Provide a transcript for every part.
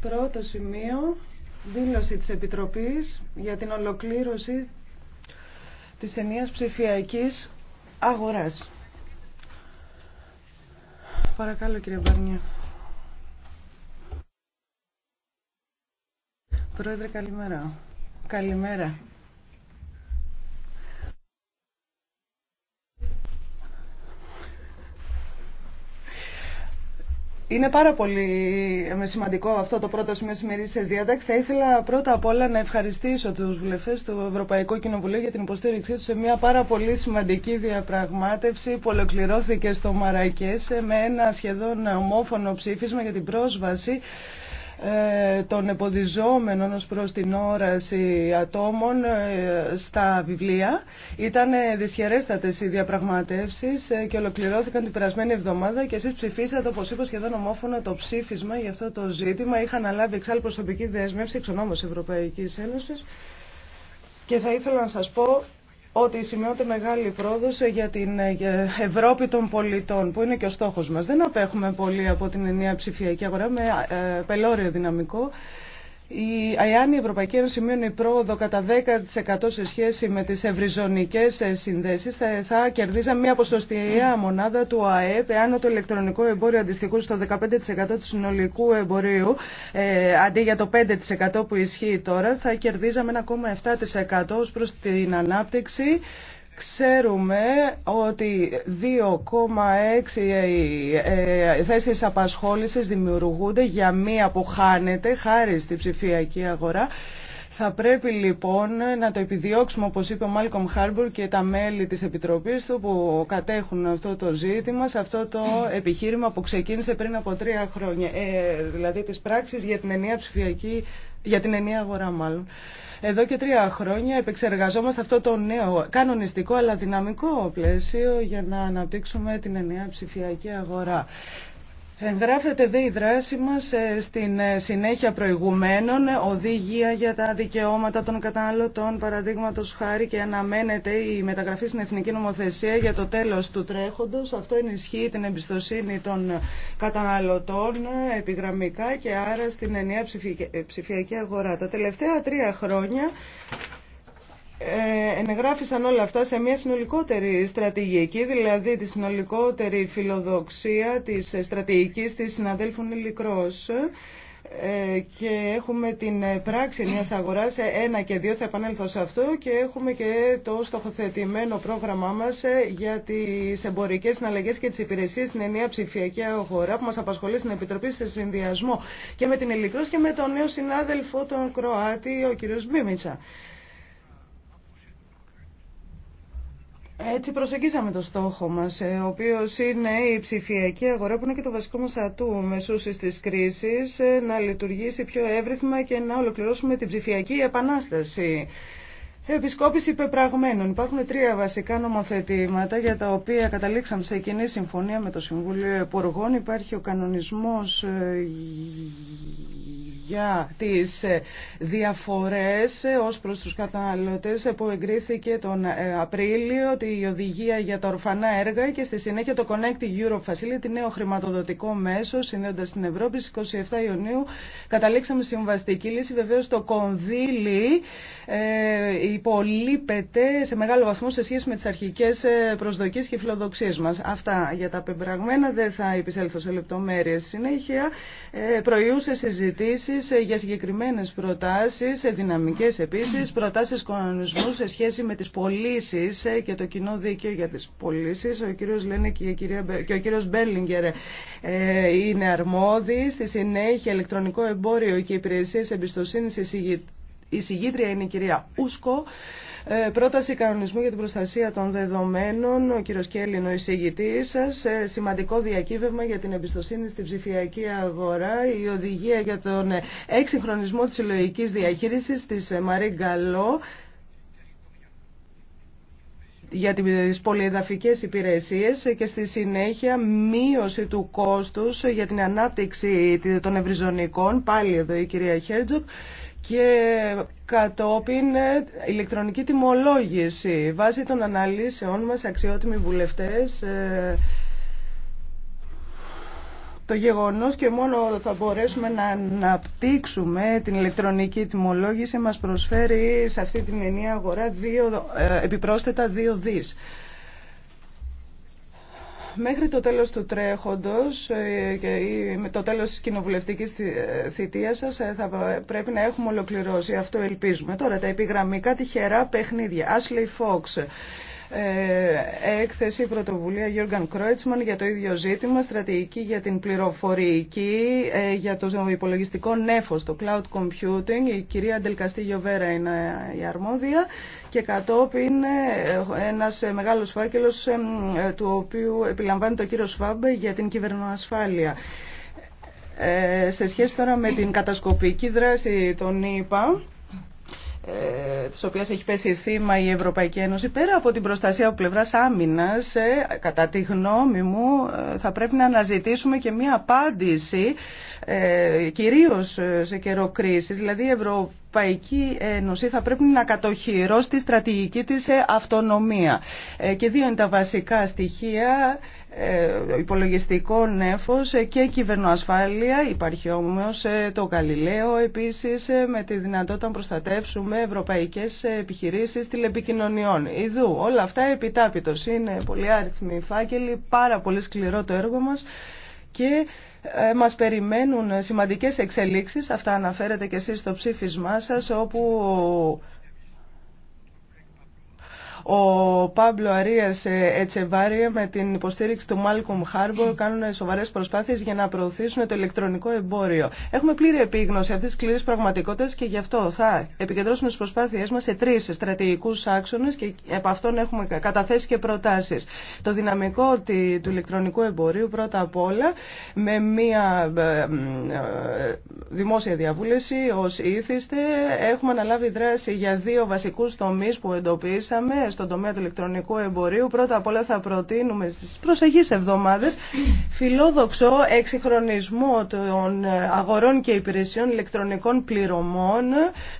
Πρώτο σημείο, δήλωση της Επιτροπής για την ολοκλήρωση της ενίας ψηφιακής αγοράς. Παρακαλώ κύριε Μπαρνιέ. Πρόεδρε καλημέρα. Καλημέρα. Είναι πάρα πολύ σημαντικό αυτό το πρώτο σημείο σημερινή διατάξης. Θα ήθελα πρώτα απ' όλα να ευχαριστήσω τους βουλευτές του Ευρωπαϊκού Κοινοβουλίου για την υποστήριξή τους σε μια πάρα πολύ σημαντική διαπραγμάτευση που ολοκληρώθηκε στο Μαρακέσε με ένα σχεδόν ομόφωνο ψήφισμα για την πρόσβαση ε, των εμποδιζόμενων ως προς την όραση ατόμων ε, στα βιβλία. Ήταν δυσχερέστατες οι διαπραγματεύσεις ε, και ολοκληρώθηκαν την περασμένη εβδομάδα και εσείς ψηφίσατε, όπως είπα, σχεδόν ομόφωνα το ψήφισμα για αυτό το ζήτημα. Είχαν αναλάβει εξάλλου προσωπική δέσμευση εξ Ευρωπαϊκής Ένωσης και θα ήθελα να σας πω ότι σημειώνεται μεγάλη πρόοδος για την Ευρώπη των πολιτών, που είναι και ο στόχος μας. Δεν απέχουμε πολύ από την ενιαία ψηφιακή αγορά με ε, πελώριο δυναμικό. Η, αν η Ευρωπαϊκή Ένωση μειώνει πρόοδο κατά 10% σε σχέση με τις ευρυζωνικές ε, συνδέσεις, θα, θα κερδίζαμε μια ποσοστιαία μονάδα του ΑΕΠ, εάν το ηλεκτρονικό εμπόριο αντιστοιχούσε στο 15% του συνολικού εμπορίου, ε, αντί για το 5% που ισχύει τώρα, θα κερδίζαμε 1,7% ως προς την ανάπτυξη Ξέρουμε ότι 2,6 ε, ε, θέσεις απασχόλησης δημιουργούνται για μία που χάνεται χάρη στη ψηφιακή αγορά θα πρέπει λοιπόν να το επιδιώξουμε, όπως είπε ο Μάλκομ Χάρμπουρ και τα μέλη της Επιτροπής του που κατέχουν αυτό το ζήτημα, σε αυτό το επιχείρημα που ξεκίνησε πριν από τρία χρόνια, ε, δηλαδή τις πράξεις για την ενιαία ψηφιακή, για την ενιαία αγορά μάλλον. Εδώ και τρία χρόνια επεξεργαζόμαστε αυτό το νέο κανονιστικό αλλά δυναμικό πλαίσιο για να αναπτύξουμε την ενιαία ψηφιακή αγορά. Εγγράφεται δε η δράση μας ε, στην ε, συνέχεια προηγουμένων ε, οδηγία για τα δικαιώματα των καταναλωτών παραδείγματο χάρη και αναμένεται η μεταγραφή στην Εθνική Νομοθεσία για το τέλος του τρέχοντος. Αυτό ενισχύει την εμπιστοσύνη των καταναλωτών επιγραμμικά και άρα στην ενιαία ψηφιακή αγορά. Τα τελευταία τρία χρόνια ε, ενεγράφησαν όλα αυτά σε μια συνολικότερη στρατηγική, δηλαδή τη συνολικότερη φιλοδοξία της στρατηγικής της συναδέλφου Ε, και έχουμε την πράξη μιας αγοράς ε, ένα και δύο θα επανέλθω σε αυτό και έχουμε και το στοχοθετημένο πρόγραμμά μας ε, για τις εμπορικές συναλλαγές και τις υπηρεσίες στην ενιαία ψηφιακή αγορά που μας απασχολεί στην Επιτροπή σε συνδυασμό και με την Ελικρός και με τον νέο συνάδελφο τον Κροάτη ο κ. Μπίμητσα. Έτσι προσεγγίσαμε το στόχο μας, ε, ο οποίος είναι η ψηφιακή αγορά που είναι και το βασικό μας ατού μεσούσης της κρίσης, ε, να λειτουργήσει πιο εύρυθμα και να ολοκληρώσουμε την ψηφιακή επανάσταση. Επισκόπηση υπεπραγμένων. Υπάρχουν τρία βασικά νομοθετήματα για τα οποία καταλήξαμε σε κοινή συμφωνία με το Συμβούλιο Εποργών. Υπάρχει ο κανονισμός ε, για τις ε, διαφορές ε, ως προς τους καταναλωτές που εγκρίθηκε τον Απρίλιο, τη οδηγία για τα ορφανά έργα και στη συνέχεια το Connect Europe Facility, νέο χρηματοδοτικό μέσο συνδέοντας την Ευρώπη. Στις 27 Ιουνίου καταλήξαμε συμβαστική λύση. Βεβαίως το κονδύλι υπολείπεται σε μεγάλο βαθμό σε σχέση με τις αρχικές ε, προσδοκίες και φιλοδοξίες μας. Αυτά για τα πεμπραγμένα δεν θα επισέλθω σε λεπτομέρειες. Συνέχεια ε, προϊούσε συζητήσεις ε, για συγκεκριμένες προτάσεις, δυναμικές επίσης, προτάσεις κανονισμού σε σχέση με τις πωλήσει και το κοινό δίκαιο για τις πωλήσει. Ο κύριος Λένε και, και ο κύριος Μπέρλιγκερ είναι αρμόδιοι. Στη συνέχεια ηλεκτρονικό εμπόριο και υπηρεσίες εμπιστοσύνης εισηγητή η συγγήτρια είναι η κυρία Ούσκο. Ε, πρόταση κανονισμού για την προστασία των δεδομένων. Ο κύριος Κέλλην, ο εισηγητής σας. Ε, σημαντικό διακύβευμα για την εμπιστοσύνη στη ψηφιακή αγορά. Η οδηγία για τον εξυγχρονισμό της συλλογική διαχείρισης της Μαρή Γκαλό για τις πολυεδαφικές υπηρεσίες και στη συνέχεια μείωση του κόστους για την ανάπτυξη των ευρυζωνικών, πάλι εδώ η κυρία Χέρτζοκ, και κατόπιν ε, ηλεκτρονική τιμολόγηση. Βάσει των αναλύσεών μας, αξιότιμοι βουλευτές, ε, το γεγονός και μόνο θα μπορέσουμε να αναπτύξουμε την ηλεκτρονική τιμολόγηση μας προσφέρει σε αυτή την ενιαία αγορά δύο, ε, επιπρόσθετα δύο δις μέχρι το τέλος του τρέχοντος ε, και με το τέλος της κοινοβουλευτικής ε, θητείας σας ε, θα πρέπει να έχουμε ολοκληρώσει. Αυτό ελπίζουμε. Τώρα τα επιγραμμικά τυχερά παιχνίδια. Ashley Fox. έκθεση πρωτοβουλία Γιώργαν Κρόιτσμαν για το ίδιο ζήτημα, στρατηγική για την πληροφορική, για το υπολογιστικό νέφος, το cloud computing. Η κυρία Αντελκαστή Γιοβέρα είναι η αρμόδια και κατόπιν ε, ένας ε, μεγάλος φάκελος ε, του οποίου επιλαμβάνει το κύριο Σφάμπ για την κυβερνοασφάλεια. Σε σχέση τώρα με την κατασκοπική δράση των ΗΠΑ, της οποίας έχει πέσει θύμα η Ευρωπαϊκή Ένωση, πέρα από την προστασία από πλευράς άμυνας, κατά τη γνώμη μου θα πρέπει να αναζητήσουμε και μία απάντηση, κυρίως σε καιρό κρίσης. Δηλαδή η Ευρωπαϊκή Ευρωπαϊκή Ένωση θα πρέπει να κατοχυρώσει τη στρατηγική της ε, αυτονομία. Ε, και δύο είναι τα βασικά στοιχεία, ε, υπολογιστικό νέφος και κυβερνοασφάλεια. Υπάρχει όμως το Γαλιλαίο επίσης με τη δυνατότητα να προστατεύσουμε ευρωπαϊκές επιχειρήσεις τηλεπικοινωνιών. Ιδού, όλα αυτά επιτάπητος. Είναι πολύ άριθμοι φάκελοι, πάρα πολύ σκληρό το έργο μας και ε, μας περιμένουν σημαντικές εξελίξεις, αυτά αναφέρετε και εσείς στο ψήφισμά σας, όπου ο Πάμπλο Αρία ε, Ετσεβάρια με την υποστήριξη του Μάλκομ Χάρμπορ κάνουν σοβαρέ προσπάθειε για να προωθήσουν το ηλεκτρονικό εμπόριο. Έχουμε πλήρη επίγνωση αυτή τη σκληρή πραγματικότητα και γι' αυτό θα επικεντρώσουμε τι προσπάθειέ μα σε τρει στρατηγικού άξονε και από αυτόν έχουμε καταθέσει και προτάσει. Το δυναμικό του ηλεκτρονικού εμπορίου πρώτα απ' όλα με μία ε, ε, δημόσια διαβούλευση ω ήθιστε. Έχουμε αναλάβει δράση για δύο βασικού τομεί που εντοπίσαμε στον τομέα του ηλεκτρονικού εμπορίου. Πρώτα απ' όλα θα προτείνουμε στι προσεχεί εβδομάδες φιλόδοξο εξυγχρονισμό των αγορών και υπηρεσιών ηλεκτρονικών πληρωμών.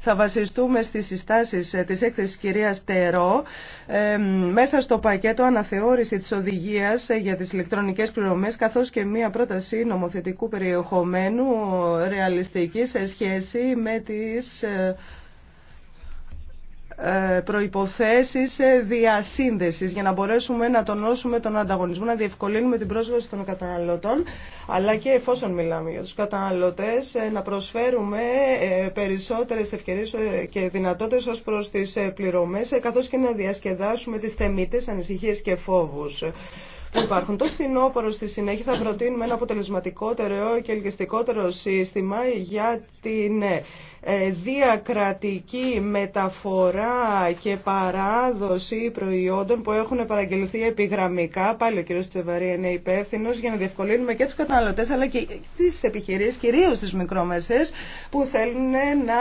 Θα βασιστούμε στις συστάσεις ε, της έκθεσης κυρία Τερό. Ε, μέσα στο πακέτο αναθεώρηση τη οδηγία ε, για τις ηλεκτρονικές πληρωμές καθώ και μία πρόταση νομοθετικού περιεχομένου ρεαλιστική σε σχέση με τις ε, προϋποθέσεις ε, διασύνδεσης για να μπορέσουμε να τονώσουμε τον ανταγωνισμό, να διευκολύνουμε την πρόσβαση των καταναλωτών, αλλά και εφόσον μιλάμε για τους καταναλωτές, ε, να προσφέρουμε περισσότερες ευκαιρίες και δυνατότητες ως προς τις πληρωμές, καθώς και να διασκεδάσουμε τις θεμίτες ανησυχίες και φόβους που υπάρχουν. Το φθινόπωρο στη συνέχεια θα προτείνουμε ένα αποτελεσματικότερο και ελκυστικότερο σύστημα για την ε, διακρατική μεταφορά και παράδοση προϊόντων που έχουν παραγγελθεί επιγραμμικά. Πάλι ο κ. Τσεβαρή είναι υπεύθυνο για να διευκολύνουμε και του καταναλωτέ αλλά και τι επιχειρήσει, κυρίω τι μικρόμεσε, που θέλουν να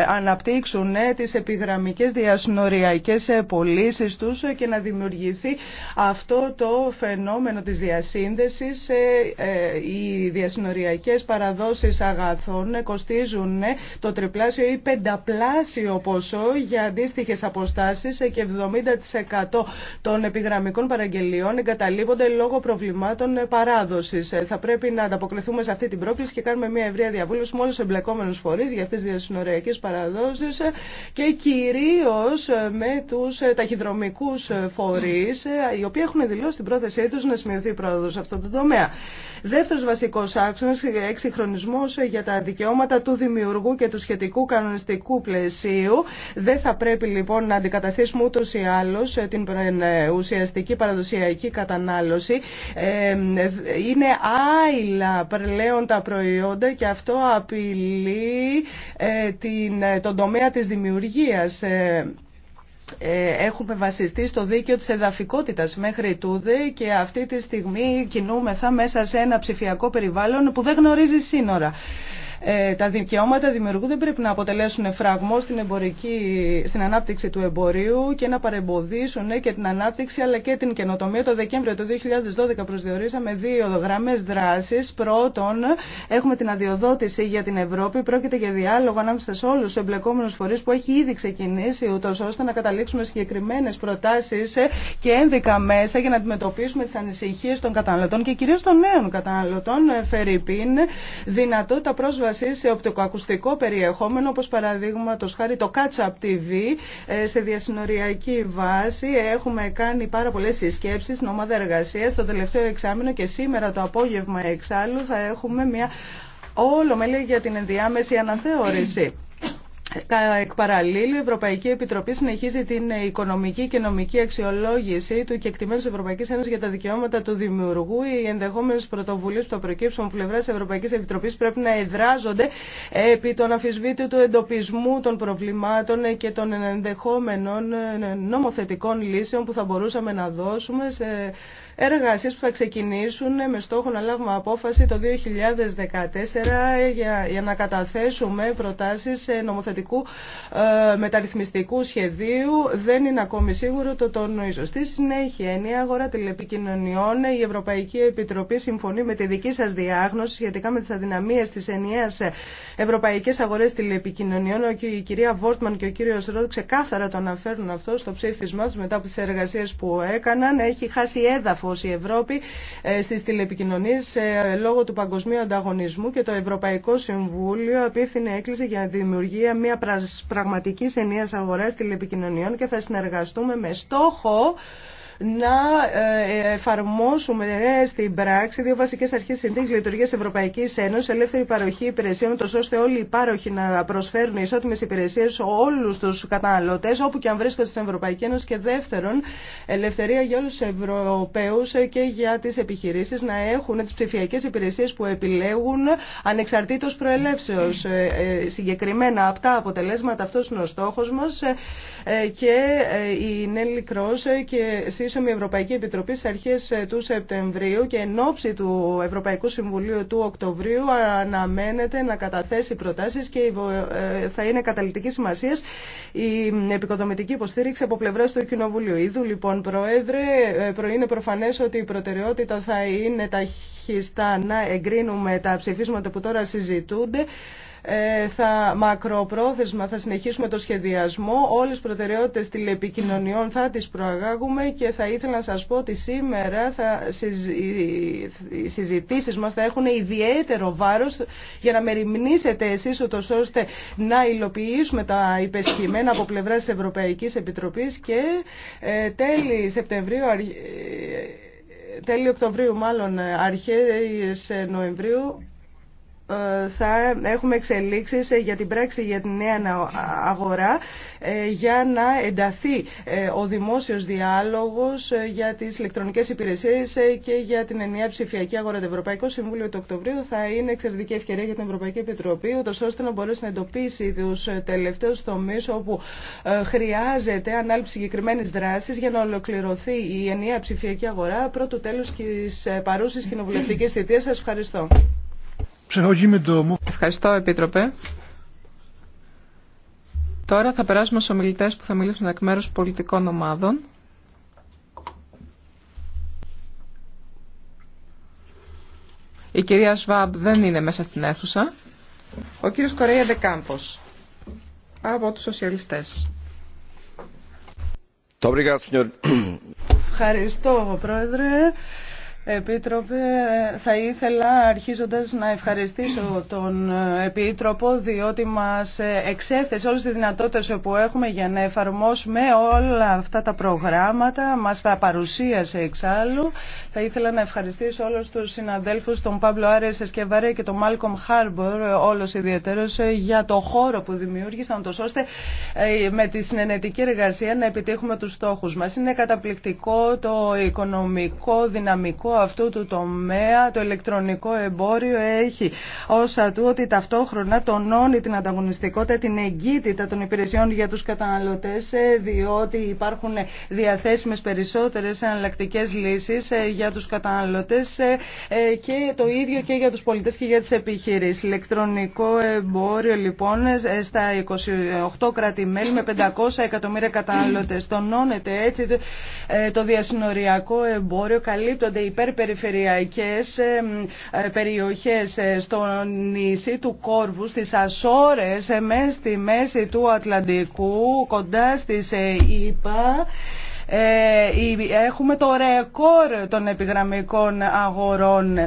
αναπτύξουν τι επιγραμμικέ διασυνοριακέ πωλήσει του και να δημιουργηθεί αυτό το φαινόμενο της διασύνδεσης, ε, ε, οι διασυνοριακές παραδόσεις αγαθών κοστίζουν ε, το τριπλάσιο ή πενταπλάσιο ποσό για αντίστοιχες αποστάσεις και 70% των επιγραμμικών παραγγελιών εγκαταλείπονται λόγω προβλημάτων παράδοσης. Θα πρέπει να ανταποκριθούμε σε αυτή την πρόκληση και κάνουμε μια ευρεία διαβούλευση με όλους τους εμπλεκόμενους φορείς για αυτές τις διασυνοριακές παραδόσεις και κυρίως με τους ταχυδρομικούς φορείς οι οποίοι έχουν δηλώσει στην πρόθεσή του να σημειωθεί πρόοδο σε αυτό το τομέα. Δεύτερο βασικό άξονα, εξυγχρονισμό για τα δικαιώματα του δημιουργού και του σχετικού κανονιστικού πλαισίου. Δεν θα πρέπει λοιπόν να αντικαταστήσουμε ούτω ή άλλω την ε, ουσιαστική παραδοσιακή κατανάλωση. Ε, είναι άειλα πλέον τα προϊόντα και αυτό απειλεί ε, τον τομέα της δημιουργίας. Ε, έχουμε βασιστεί στο δίκαιο της εδαφικότητας μέχρι τούδε και αυτή τη στιγμή κινούμεθα μέσα σε ένα ψηφιακό περιβάλλον που δεν γνωρίζει σύνορα. Ε, τα δικαιώματα δημιουργού δεν πρέπει να αποτελέσουν φραγμό στην, εμπορική, στην ανάπτυξη του εμπορίου και να παρεμποδίσουν ναι, και την ανάπτυξη αλλά και την καινοτομία. Το Δεκέμβριο του 2012 προσδιορίσαμε δύο γραμμέ δράση. Πρώτον, έχουμε την αδειοδότηση για την Ευρώπη. Πρόκειται για διάλογο ανάμεσα σε όλου του εμπλεκόμενου φορεί που έχει ήδη ξεκινήσει, ούτω ώστε να καταλήξουμε συγκεκριμένε προτάσει και ένδικα μέσα για να αντιμετωπίσουμε τι ανησυχίε των καταναλωτών και κυρίω των νέων καταναλωτών. Ε, Φερρυπίν, δυνατότητα πρόσβαση πρόσβαση σε οπτικοακουστικό περιεχόμενο, όπως παραδείγματο χάρη το Catch Up TV, ε, σε διασυνοριακή βάση. Έχουμε κάνει πάρα πολλές συσκέψεις στην ομάδα εργασίας το τελευταίο εξάμεινο και σήμερα το απόγευμα εξάλλου θα έχουμε μια όλο μελή για την ενδιάμεση αναθεώρηση. Εκ παραλλήλου, η Ευρωπαϊκή Επιτροπή συνεχίζει την οικονομική και νομική αξιολόγηση του κεκτημένου τη Ευρωπαϊκή Ένωση για τα δικαιώματα του δημιουργού. Οι ενδεχόμενε πρωτοβουλίε που θα προκύψουν από πλευρά τη Ευρωπαϊκή Επιτροπή πρέπει να εδράζονται επί των αφισβήτη του εντοπισμού των προβλημάτων και των ενδεχόμενων νομοθετικών λύσεων που θα μπορούσαμε να δώσουμε σε Εργασίες που θα ξεκινήσουν με στόχο να λάβουμε απόφαση το 2014 για, για να καταθέσουμε προτάσεις νομοθετικού ε, μεταρρυθμιστικού σχεδίου. Δεν είναι ακόμη σίγουρο το τονίζω. Στη συνέχεια, η νέα αγορά τηλεπικοινωνιών, η Ευρωπαϊκή Επιτροπή συμφωνεί με τη δική σας διάγνωση σχετικά με τις αδυναμίες της ενιαίας Ευρωπαϊκές Αγορές Τηλεπικοινωνιών. Ο η κυρία Βόρτμαν και ο κύριος Ρότ ξεκάθαρα το αναφέρουν αυτό στο ψήφισμά τους μετά από τις εργασίες που έκαναν. Έχει χάσει έδαφο ανταγωνισμός. Η Ευρώπη ε, στις τηλεπικοινωνίες ε, λόγω του παγκοσμίου ανταγωνισμού και το Ευρωπαϊκό Συμβούλιο απίθυνε έκκληση για δημιουργία μια πραγματική ενίας αγοράς τηλεπικοινωνιών και θα συνεργαστούμε με στόχο να ε, εφαρμόσουμε ε, στην πράξη δύο βασικέ αρχέ συνθήκη λειτουργία Ευρωπαϊκή Ένωση, ελεύθερη παροχή υπηρεσιών, τόσο ώστε όλοι οι πάροχοι να προσφέρουν ισότιμε υπηρεσίε σε όλου του καταναλωτέ, όπου και αν βρίσκονται στην Ευρωπαϊκή Ένωση. Και δεύτερον, ελευθερία για όλου του Ευρωπαίου και για τι επιχειρήσει να έχουν τι ψηφιακέ υπηρεσίε που επιλέγουν ανεξαρτήτω προελεύσεω. Ε, συγκεκριμένα, αυτά αποτελέσματα αυτό είναι ο στόχο μα. Ε, και ε, η Νέλη Κρός και σύσσωμη Ευρωπαϊκή Επιτροπή στις αρχές ε, του Σεπτεμβρίου και εν ώψη του Ευρωπαϊκού Συμβουλίου του Οκτωβρίου αναμένεται να καταθέσει προτάσεις και θα είναι καταλητική σημασία η επικοδομητική υποστήριξη από πλευρά του Κοινοβουλίου. Ήδου, λοιπόν, Πρόεδρε, είναι προφανέ ότι η προτεραιότητα θα είναι ταχύστα να εγκρίνουμε τα ψηφίσματα που τώρα συζητούνται. Ε, θα μακροπρόθεσμα θα συνεχίσουμε το σχεδιασμό. Όλες τις προτεραιότητες τηλεπικοινωνιών θα τις προαγάγουμε και θα ήθελα να σας πω ότι σήμερα θα οι συζητήσεις μας θα έχουν ιδιαίτερο βάρος για να μεριμνήσετε εσείς ούτως ώστε να υλοποιήσουμε τα υπεσχημένα από πλευρά της Ευρωπαϊκής Επιτροπής και ε, ε, τέλη Οκτωβρίου μάλλον αρχές Νοεμβρίου θα έχουμε εξελίξεις για την πράξη για την νέα αγορά ε, για να ενταθεί ε, ο δημόσιος διάλογος ε, για τις ηλεκτρονικές υπηρεσίες και για την ενιαία ψηφιακή αγορά. Το Ευρωπαϊκό Συμβούλιο του Οκτωβρίου θα είναι εξαιρετική ευκαιρία για την Ευρωπαϊκή Επιτροπή, ώστε να μπορέσει να εντοπίσει τους τελευταίους τομείς όπου χρειάζεται ανάληψη συγκεκριμένη δράση για να ολοκληρωθεί η ενιαία ψηφιακή αγορά πρώτου τέλους της παρούσης κοινοβουλευτικής θητείας. Σας ευχαριστώ. Ευχαριστώ, Επίτροπε. Τώρα θα περάσουμε στους ομιλητές που θα μιλήσουν εκ μέρους πολιτικών ομάδων. Η κυρία Σβάμπ δεν είναι μέσα στην αίθουσα. Ο κύριος Κορέια Δεκάμπος από τους σοσιαλιστές. Ευχαριστώ, Πρόεδρε. Επίτροπε, θα ήθελα αρχίζοντας να ευχαριστήσω τον Επίτροπο διότι μας εξέθεσε όλες τις δυνατότητες που έχουμε για να εφαρμόσουμε όλα αυτά τα προγράμματα, μας τα παρουσίασε εξάλλου. Θα ήθελα να ευχαριστήσω όλους τους συναδέλφους, τον Παύλο Άρες Εσκεβαρέ και τον Μάλκομ Χάρμπορ, όλος ιδιαίτερος, για το χώρο που δημιούργησαν, τόσο ώστε ε, με τη συνενετική εργασία να επιτύχουμε τους στόχους μας. Είναι καταπληκτικό το οικονομικό, δυναμικό αυτού του τομέα, το ηλεκτρονικό εμπόριο έχει όσα του ότι ταυτόχρονα τονώνει την ανταγωνιστικότητα, την εγκύτητα των υπηρεσιών για τους καταναλωτές, ε, διότι υπάρχουν διαθέσιμες περισσότερες εναλλακτικές λύσεις ε, για τους καταναλωτές ε, και το ίδιο και για τους πολιτές και για τις επιχειρήσεις. Ηλεκτρονικό εμπόριο λοιπόν στα 28 κράτη-μέλη με 500 εκατομμύρια καταναλωτές. Τονώνεται έτσι το διασυνοριακό εμπόριο, καλύπτονται οι υπερπεριφερειακές ε, περιοχές ε, στο νησί του Κόρβου, στις Ασόρες, ε, μέσα στη μέση του Ατλαντικού, κοντά στις ΙΠΑ. Έχουμε το ρεκόρ των επιγραμμικών αγορών.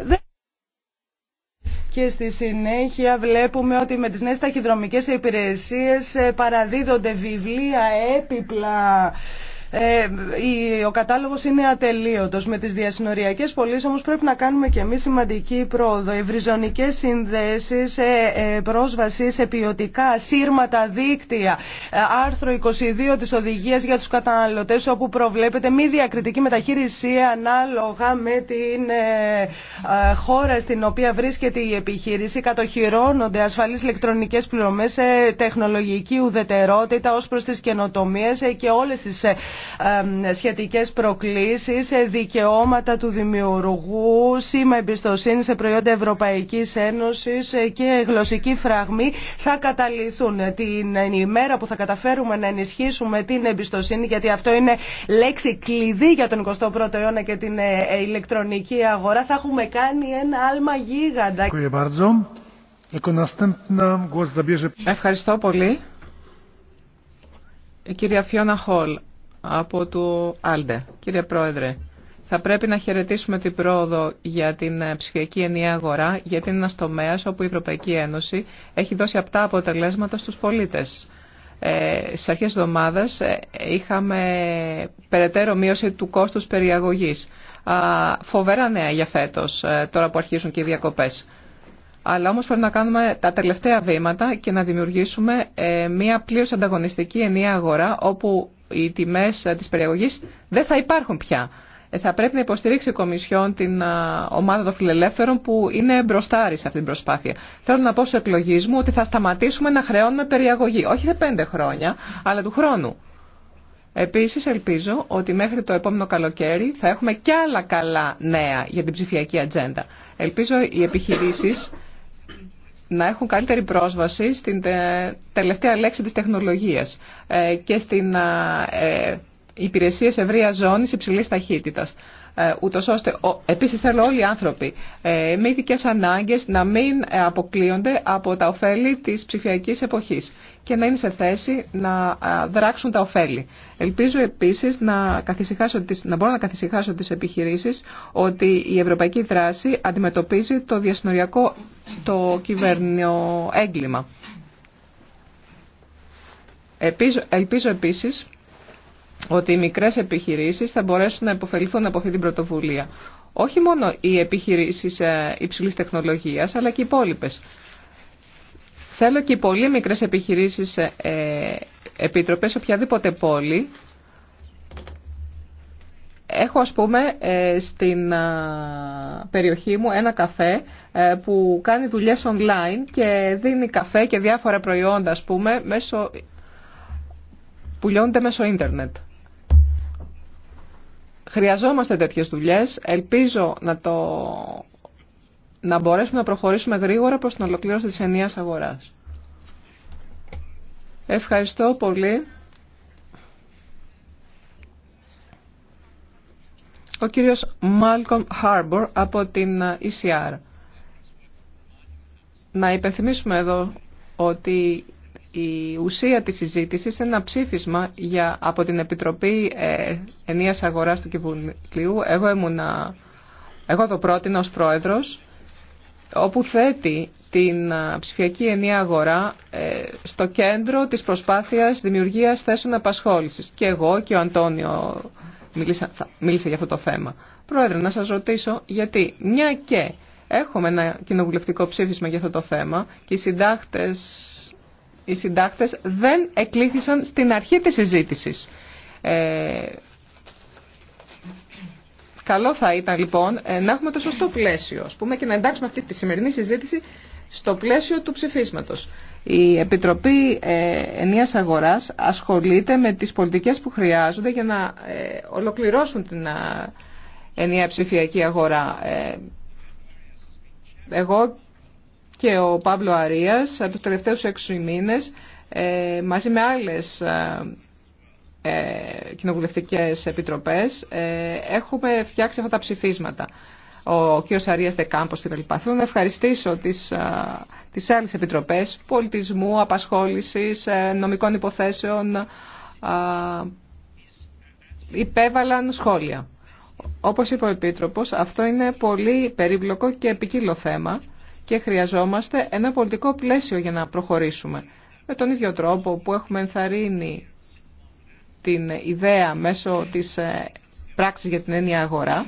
Και στη συνέχεια βλέπουμε ότι με τις νέες ταχυδρομικές υπηρεσίες παραδίδονται βιβλία, έπιπλα, ε, ο κατάλογος είναι ατελείωτος. Με τις διασυνοριακές πωλήσει όμως πρέπει να κάνουμε και εμείς σημαντική πρόοδο. Ευρυζωνικές συνδέσεις, ε, ε, πρόσβαση σε ποιοτικά σύρματα δίκτυα, άρθρο 22 της οδηγίας για τους καταναλωτές όπου προβλέπεται μη διακριτική μεταχείριση ανάλογα με την χώρα στην οποία βρίσκεται η επιχείρηση, κατοχυρώνονται ασφαλείς ηλεκτρονικές πληρωμές, τεχνολογική ουδετερότητα ως προς τις καινοτομίες και όλες τις σχετικές προκλήσεις, ε, δικαιώματα του δημιουργού, σήμα εμπιστοσύνη σε προϊόντα Ευρωπαϊκής Ένωσης ε, και γλωσσική φραγμή θα καταληθούν την ημέρα που θα καταφέρουμε να ενισχύσουμε την εμπιστοσύνη γιατί αυτό είναι λέξη κλειδί για τον 21ο αιώνα και την ε, ηλεκτρονική αγορά θα έχουμε κάνει ένα άλμα γίγαντα. Ευχαριστώ πολύ. κυρία Φιώνα Χολ από το Άλντε. Κύριε Πρόεδρε, θα πρέπει να χαιρετήσουμε την πρόοδο για την ε, ψηφιακή ενιαία αγορά, γιατί είναι ένα τομέα όπου η Ευρωπαϊκή Ένωση έχει δώσει απτά αποτελέσματα στους πολίτες. Ε, στις αρχές εβδομάδας ε, είχαμε περαιτέρω μείωση του κόστους περιαγωγής. φοβερά νέα για φέτος, ε, τώρα που αρχίζουν και οι διακοπές. Αλλά όμως πρέπει να κάνουμε τα τελευταία βήματα και να δημιουργήσουμε μια πλήρως ανταγωνιστική ενιαία αγορά όπου οι τιμές ε, της περιαγωγής δεν θα υπάρχουν πια. Ε, θα πρέπει να υποστηρίξει η Κομισιόν την ε, ομάδα των φιλελεύθερων που είναι μπροστάρι σε αυτή την προσπάθεια. Θέλω να πω στου εκλογεί μου ότι θα σταματήσουμε να χρεώνουμε περιαγωγή. Όχι σε πέντε χρόνια, αλλά του χρόνου. Επίση, ελπίζω ότι μέχρι το επόμενο καλοκαίρι θα έχουμε κι άλλα καλά νέα για την ψηφιακή ατζέντα. Ελπίζω οι επιχειρήσει να έχουν καλύτερη πρόσβαση στην τελευταία λέξη της τεχνολογίας ε, και στην ε, ε, σε ευρεία ζώνης υψηλής ταχύτητας. Ε, ούτως ώστε επίσης θέλω όλοι οι άνθρωποι με ειδικέ ανάγκες να μην αποκλείονται από τα ωφέλη της ψηφιακής εποχής και να είναι σε θέση να ε, δράξουν τα ωφέλη. Ελπίζω επίσης να, να μπορώ να καθησυχάσω τις επιχειρήσεις ότι η ευρωπαϊκή δράση αντιμετωπίζει το διασυνοριακό το κυβέρνιο έγκλημα. Ελπίζω, ελπίζω επίσης ότι οι μικρές επιχειρήσεις θα μπορέσουν να υποφεληθούν από αυτή την πρωτοβουλία. Όχι μόνο οι επιχειρήσεις ε, υψηλής τεχνολογίας, αλλά και οι υπόλοιπε. Θέλω και οι πολύ μικρές επιχειρήσεις ε, ε επιτροπές οποιαδήποτε πόλη. Έχω ας πούμε ε, στην περιοχή μου ένα καφέ που κάνει δουλειές online και δίνει καφέ και διάφορα προϊόντα ας πούμε μέσω, που λιώνονται μέσω ίντερνετ. Χρειαζόμαστε τέτοιες δουλειές. Ελπίζω να, το... να μπορέσουμε να προχωρήσουμε γρήγορα προς την ολοκλήρωση της ενίας αγοράς. Ευχαριστώ πολύ. Ο κύριος Μάλκομ Χάρμπορ από την ECR. Να υπενθυμίσουμε εδώ ότι η ουσία της συζήτησης είναι ένα ψήφισμα για, από την Επιτροπή ε, Ενίας Αγοράς του Κυβουλίου. Εγώ, εγώ το πρότεινα ως πρόεδρος, όπου θέτει την ε, ψηφιακή ενία αγορά ε, στο κέντρο της προσπάθειας δημιουργίας θέσεων απασχόλησης. Και εγώ και ο Αντώνιο μίλησα, μίλησε για αυτό το θέμα. Πρόεδρε, να σας ρωτήσω γιατί μια και έχουμε ένα κοινοβουλευτικό ψήφισμα για αυτό το θέμα και οι συντάχτες οι συντάκτε δεν εκλήθησαν στην αρχή της συζήτηση. Ε, καλό θα ήταν λοιπόν ε, να έχουμε το σωστό πλαίσιο ας πούμε, και να εντάξουμε αυτή τη σημερινή συζήτηση στο πλαίσιο του ψηφίσματος. Η Επιτροπή ε, Ενίας Αγοράς ασχολείται με τις πολιτικές που χρειάζονται για να ε, ολοκληρώσουν την ενιαία ψηφιακή αγορά. εγώ και ο Παύλο Αρίας τους τελευταίους έξι μήνες ε, μαζί με άλλες ε, ε, κοινοβουλευτικές επιτροπές έχουμε φτιάξει αυτά τα ψηφίσματα ο κ. Αρίας Δεκάμπος και τα Θέλω να ευχαριστήσω τις, τις άλλες επιτροπές πολιτισμού, απασχόλησης, νομικών υποθέσεων. υπέβαλαν σχόλια. Όπως είπε ο Επίτροπος, αυτό είναι πολύ περίπλοκο και επικύλο θέμα και χρειαζόμαστε ένα πολιτικό πλαίσιο για να προχωρήσουμε. Με τον ίδιο τρόπο που έχουμε ενθαρρύνει την ιδέα μέσω της ε, πράξης για την έννοια αγορά,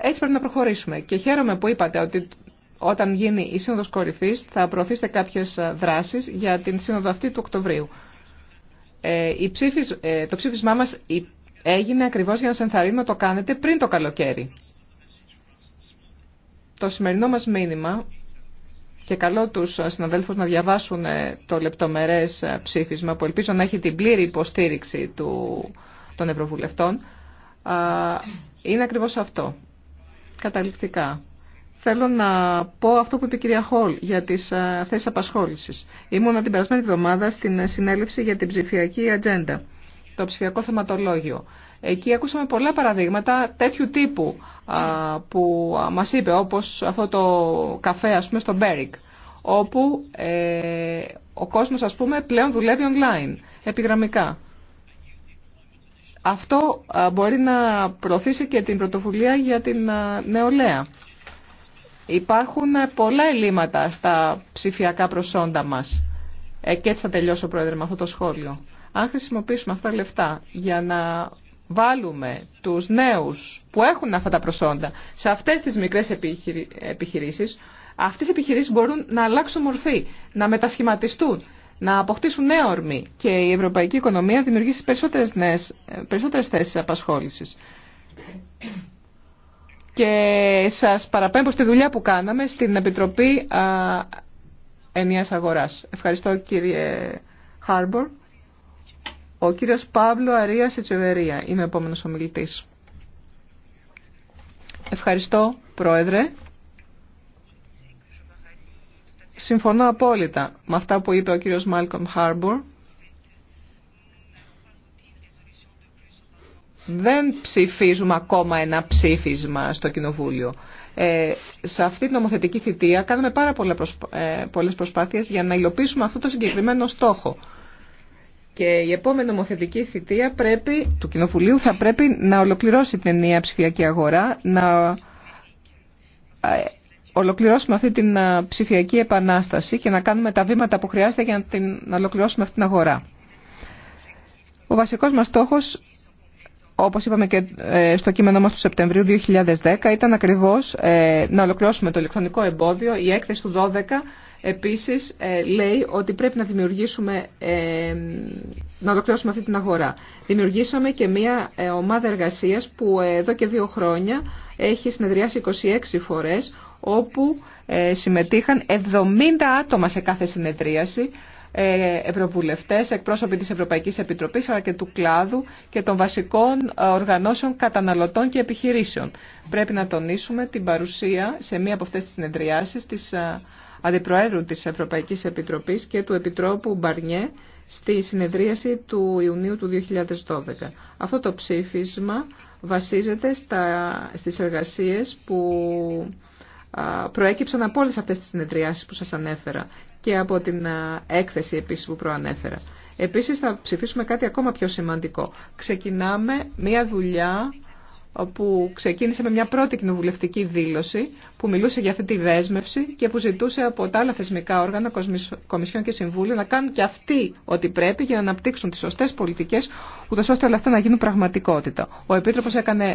έτσι πρέπει να προχωρήσουμε. Και χαίρομαι που είπατε ότι όταν γίνει η Σύνοδος Κορυφής θα προωθήσετε κάποιες δράσεις για την Σύνοδο αυτή του Οκτωβρίου. Ε, ε, το ψήφισμά μας έγινε ακριβώς για να σας ενθαρρύνουμε να το κάνετε πριν το καλοκαίρι. Το σημερινό μας μήνυμα και καλώ τους συναδέλφους να διαβάσουν ε, το λεπτομερές ε, ψήφισμα που ελπίζω να έχει την πλήρη υποστήριξη του, των Ευρωβουλευτών είναι ακριβώς αυτό. Καταληκτικά. Θέλω να πω αυτό που είπε η κυρία Χολ για τις ε, θέσεις απασχόλησης. Ήμουν την περασμένη εβδομάδα στην συνέλευση για την ψηφιακή ατζέντα, το ψηφιακό θεματολόγιο. Εκεί ακούσαμε πολλά παραδείγματα τέτοιου τύπου που μας είπε, όπως αυτό το καφέ, ας πούμε, στο Μπέρικ, όπου ε, ο κόσμος, ας πούμε, πλέον δουλεύει online, επιγραμμικά. Αυτό μπορεί να προωθήσει και την πρωτοβουλία για την νεολαία. Υπάρχουν ε, πολλά ελλείμματα στα ψηφιακά προσόντα μας. Ε, και έτσι θα τελειώσω, Πρόεδρε, με αυτό το σχόλιο. Αν χρησιμοποιήσουμε αυτά τα λεφτά για να βάλουμε τους νέους που έχουν αυτά τα προσόντα σε αυτές τις μικρές επιχειρήσεις, αυτές οι επιχειρήσεις μπορούν να αλλάξουν μορφή, να μετασχηματιστούν, να αποκτήσουν νέα ορμή και η ευρωπαϊκή οικονομία δημιουργήσει περισσότερες, νέες, ε, περισσότερες θέσεις απασχόλησης. Και σας παραπέμπω στη δουλειά που κάναμε στην Επιτροπή Ενίας Αγοράς. Ευχαριστώ κύριε Χάρμπορ. Ο κύριος Παύλο Αρία Ετσεβερία είναι ο επόμενος ομιλητής. Ευχαριστώ, Πρόεδρε. Συμφωνώ απόλυτα με αυτά που είπε ο κύριος Μάλκομ Χάρμπορ. Δεν ψηφίζουμε ακόμα ένα ψήφισμα στο Κοινοβούλιο. Ε, σε αυτή την νομοθετική θητεία κάνουμε πάρα ε, πολλές προσπάθειες για να υλοποιήσουμε αυτό το συγκεκριμένο στόχο. Και η επόμενη νομοθετική θητεία πρέπει, του Κοινοβουλίου θα πρέπει να ολοκληρώσει την ενιαία ψηφιακή αγορά, να ε, ολοκληρώσουμε αυτή την ε, ψηφιακή επανάσταση και να κάνουμε τα βήματα που χρειάζεται για να, την, να ολοκληρώσουμε αυτή την αγορά. Ο βασικός μας στόχος, όπως είπαμε και ε, στο κείμενό μας του Σεπτεμβρίου 2010, ήταν ακριβώς να ολοκληρώσουμε το ηλεκτρονικό εμπόδιο, η έκθεση του 12 Επίσης ε, λέει ότι πρέπει να δημιουργήσουμε, ε, να ολοκληρώσουμε αυτή την αγορά. Δημιουργήσαμε και μια ε, ομάδα εργασίας που εδώ και δύο χρόνια έχει συνεδριάσει 26 φορές όπου συμμετείχαν 70 άτομα σε κάθε συνεδρίαση ευρωβουλευτές, εκπρόσωποι της Ευρωπαϊκής Επιτροπής αλλά και του κλάδου και των βασικών οργανώσεων καταναλωτών και επιχειρήσεων. Πρέπει να τονίσουμε την παρουσία σε μία από αυτές τις συνεδριάσεις της Αντιπροέδρου της Ευρωπαϊκής Επιτροπής και του Επιτρόπου Μπαρνιέ στη συνεδρίαση του Ιουνίου του 2012. Αυτό το ψήφισμα βασίζεται στα, στις εργασίες που προέκυψαν από όλες αυτές τις συνεδριάσεις που σας ανέφερα και από την έκθεση επίσης που προανέφερα. Επίσης θα ψηφίσουμε κάτι ακόμα πιο σημαντικό. Ξεκινάμε μια δουλειά όπου ξεκίνησε με μια πρώτη κοινοβουλευτική δήλωση που μιλούσε για αυτή τη δέσμευση και που ζητούσε από τα άλλα θεσμικά όργανα, Κομισιόν και Συμβούλιο να κάνουν και αυτοί ό,τι πρέπει για να αναπτύξουν τι σωστέ πολιτικές, ούτω ώστε όλα αυτά να γίνουν πραγματικότητα. Ο επίτροπο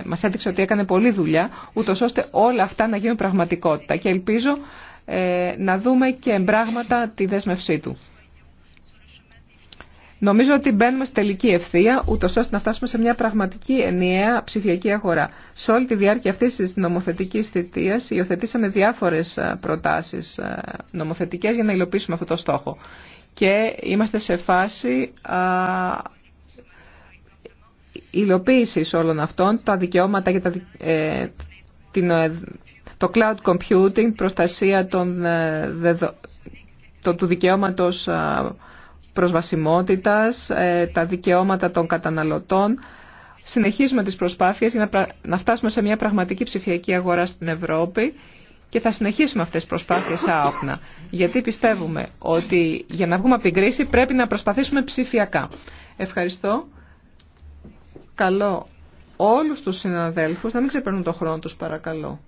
μα έδειξε ότι έκανε πολλή δουλειά, ούτω ώστε όλα αυτά να γίνουν πραγματικότητα και ελπίζω ε, να δούμε και εμπράγματα τη δέσμευσή του. Νομίζω ότι μπαίνουμε στη τελική ευθεία, ούτω ώστε να φτάσουμε σε μια πραγματική ενιαία ψηφιακή αγορά. Σε όλη τη διάρκεια αυτή τη νομοθετική θητεία υιοθετήσαμε διάφορε προτάσει ε, νομοθετικέ για να υλοποιήσουμε αυτό το στόχο. Και είμαστε σε φάση α, υλοποίησης όλων αυτών, τα δικαιώματα για τα, ε, την, ε, το cloud computing, προστασία ε, του δικαιώματος προσβασιμότητας, ε, τα δικαιώματα των καταναλωτών. Συνεχίζουμε τις προσπάθειες για να φτάσουμε σε μια πραγματική ψηφιακή αγορά στην Ευρώπη και θα συνεχίσουμε αυτές τις προσπάθειες άοχνα. Γιατί πιστεύουμε ότι για να βγούμε από την κρίση πρέπει να προσπαθήσουμε ψηφιακά. Ευχαριστώ. Καλό όλους τους συναδέλφους να μην ξεπερνούν τον χρόνο τους παρακαλώ.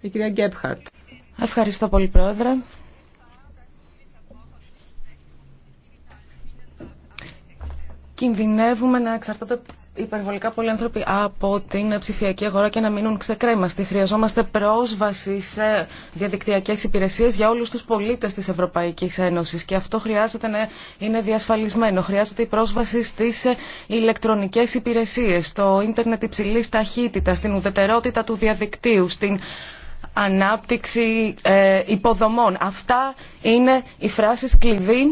Η κυρία Γκέπχαρτ. Ευχαριστώ πολύ πρόεδρε. κινδυνεύουμε να εξαρτάται υπερβολικά πολλοί άνθρωποι από την ψηφιακή αγορά και να μείνουν ξεκρέμαστοι. Χρειαζόμαστε πρόσβαση σε διαδικτυακές υπηρεσίες για όλους τους πολίτες της Ευρωπαϊκής Ένωσης και αυτό χρειάζεται να είναι διασφαλισμένο. Χρειάζεται η πρόσβαση στις ηλεκτρονικές υπηρεσίες, στο ίντερνετ υψηλή ταχύτητα, στην ουδετερότητα του διαδικτύου, στην ανάπτυξη ε, υποδομών. Αυτά είναι οι φράσεις κλειδί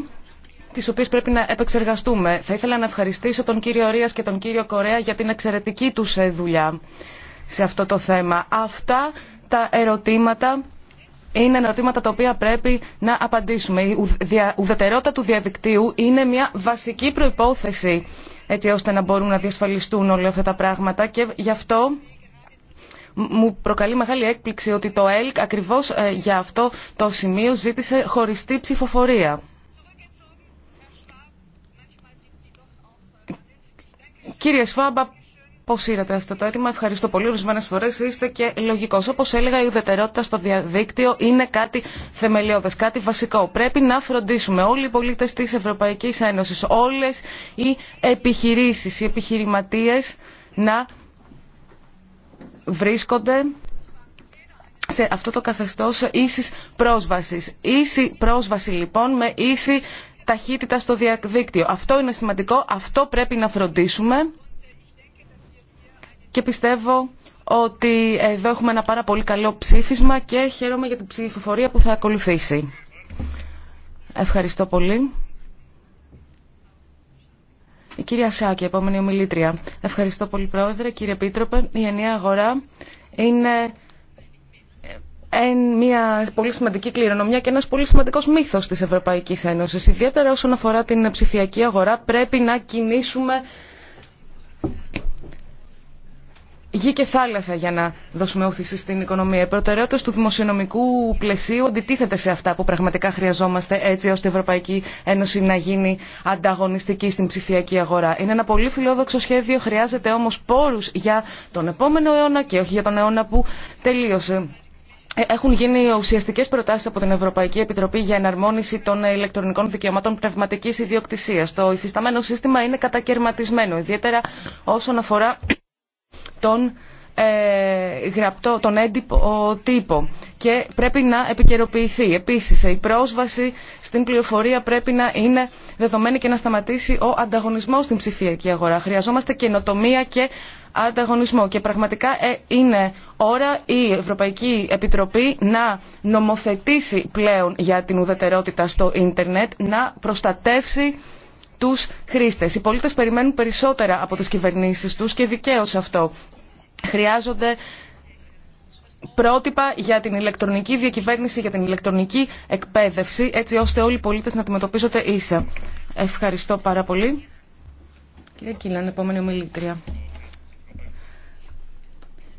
τις οποίες πρέπει να επεξεργαστούμε. Θα ήθελα να ευχαριστήσω τον κύριο Ρίας και τον κύριο Κορέα για την εξαιρετική τους ε, δουλειά σε αυτό το θέμα. Αυτά τα ερωτήματα είναι ερωτήματα τα οποία πρέπει να απαντήσουμε. Η ουδετερότητα του διαδικτύου είναι μια βασική προϋπόθεση έτσι ώστε να μπορούν να διασφαλιστούν όλα αυτά τα πράγματα και γι' αυτό μου προκαλεί μεγάλη έκπληξη ότι το ΕΛΚ ακριβώς ε, για αυτό το σημείο ζήτησε χωριστή ψηφοφορία. Κύριε Σφάμπα, είδατε αυτό το αίτημα. Ευχαριστώ πολύ. Ορισμένε φορέ είστε και λογικό. Όπω έλεγα, η ουδετερότητα στο διαδίκτυο είναι κάτι θεμελιώδε, κάτι βασικό. Πρέπει να φροντίσουμε όλοι οι πολίτε τη Ευρωπαϊκή Ένωση, όλε οι επιχειρήσει, οι επιχειρηματίε να βρίσκονται σε αυτό το καθεστώς ίσης πρόσβασης. Ίση πρόσβαση λοιπόν με ίση ταχύτητα στο διαδίκτυο. Αυτό είναι σημαντικό, αυτό πρέπει να φροντίσουμε και πιστεύω ότι εδώ έχουμε ένα πάρα πολύ καλό ψήφισμα και χαίρομαι για την ψηφοφορία που θα ακολουθήσει. Ευχαριστώ πολύ. Η κυρία Σάκη, επόμενη ομιλήτρια. Ευχαριστώ πολύ, Πρόεδρε. Κύριε Πίτροπε, η ενιαία αγορά είναι μια πολύ σημαντική κληρονομιά και ένας πολύ σημαντικός μύθος της Ευρωπαϊκής Ένωσης. Ιδιαίτερα όσον αφορά την ψηφιακή αγορά πρέπει να κινήσουμε γη και θάλασσα για να δώσουμε όθηση στην οικονομία. Οι προτεραιότητε του δημοσιονομικού πλαισίου αντιτίθεται σε αυτά που πραγματικά χρειαζόμαστε έτσι ώστε η Ευρωπαϊκή Ένωση να γίνει ανταγωνιστική στην ψηφιακή αγορά. Είναι ένα πολύ φιλόδοξο σχέδιο, χρειάζεται όμω πόρου για τον επόμενο αιώνα και όχι για τον αιώνα που τελείωσε. Ε, έχουν γίνει ουσιαστικές προτάσεις από την Ευρωπαϊκή Επιτροπή για εναρμόνιση των ηλεκτρονικών δικαιωμάτων πνευματικής ιδιοκτησίας. Το υφισταμένο σύστημα είναι κατακαιρματισμένο, ιδιαίτερα όσον αφορά τον ε, γραπτό, τον έντυπο τύπο και πρέπει να επικαιροποιηθεί. Επίσης, η πρόσβαση στην πληροφορία πρέπει να είναι δεδομένη και να σταματήσει ο ανταγωνισμός στην ψηφιακή αγορά. Χρειαζόμαστε καινοτομία και ανταγωνισμό. Και πραγματικά ε, είναι ώρα η Ευρωπαϊκή Επιτροπή να νομοθετήσει πλέον για την ουδετερότητα στο ίντερνετ, να προστατεύσει τους χρήστες. Οι πολίτες περιμένουν περισσότερα από τις κυβερνήσεις τους και δικαίως αυτό. Χρειάζονται πρότυπα για την ηλεκτρονική διακυβέρνηση, για την ηλεκτρονική εκπαίδευση, έτσι ώστε όλοι οι πολίτες να αντιμετωπίζονται ίσα. Ευχαριστώ πάρα πολύ. Κύριε Κίλαν, επόμενη ομιλήτρια.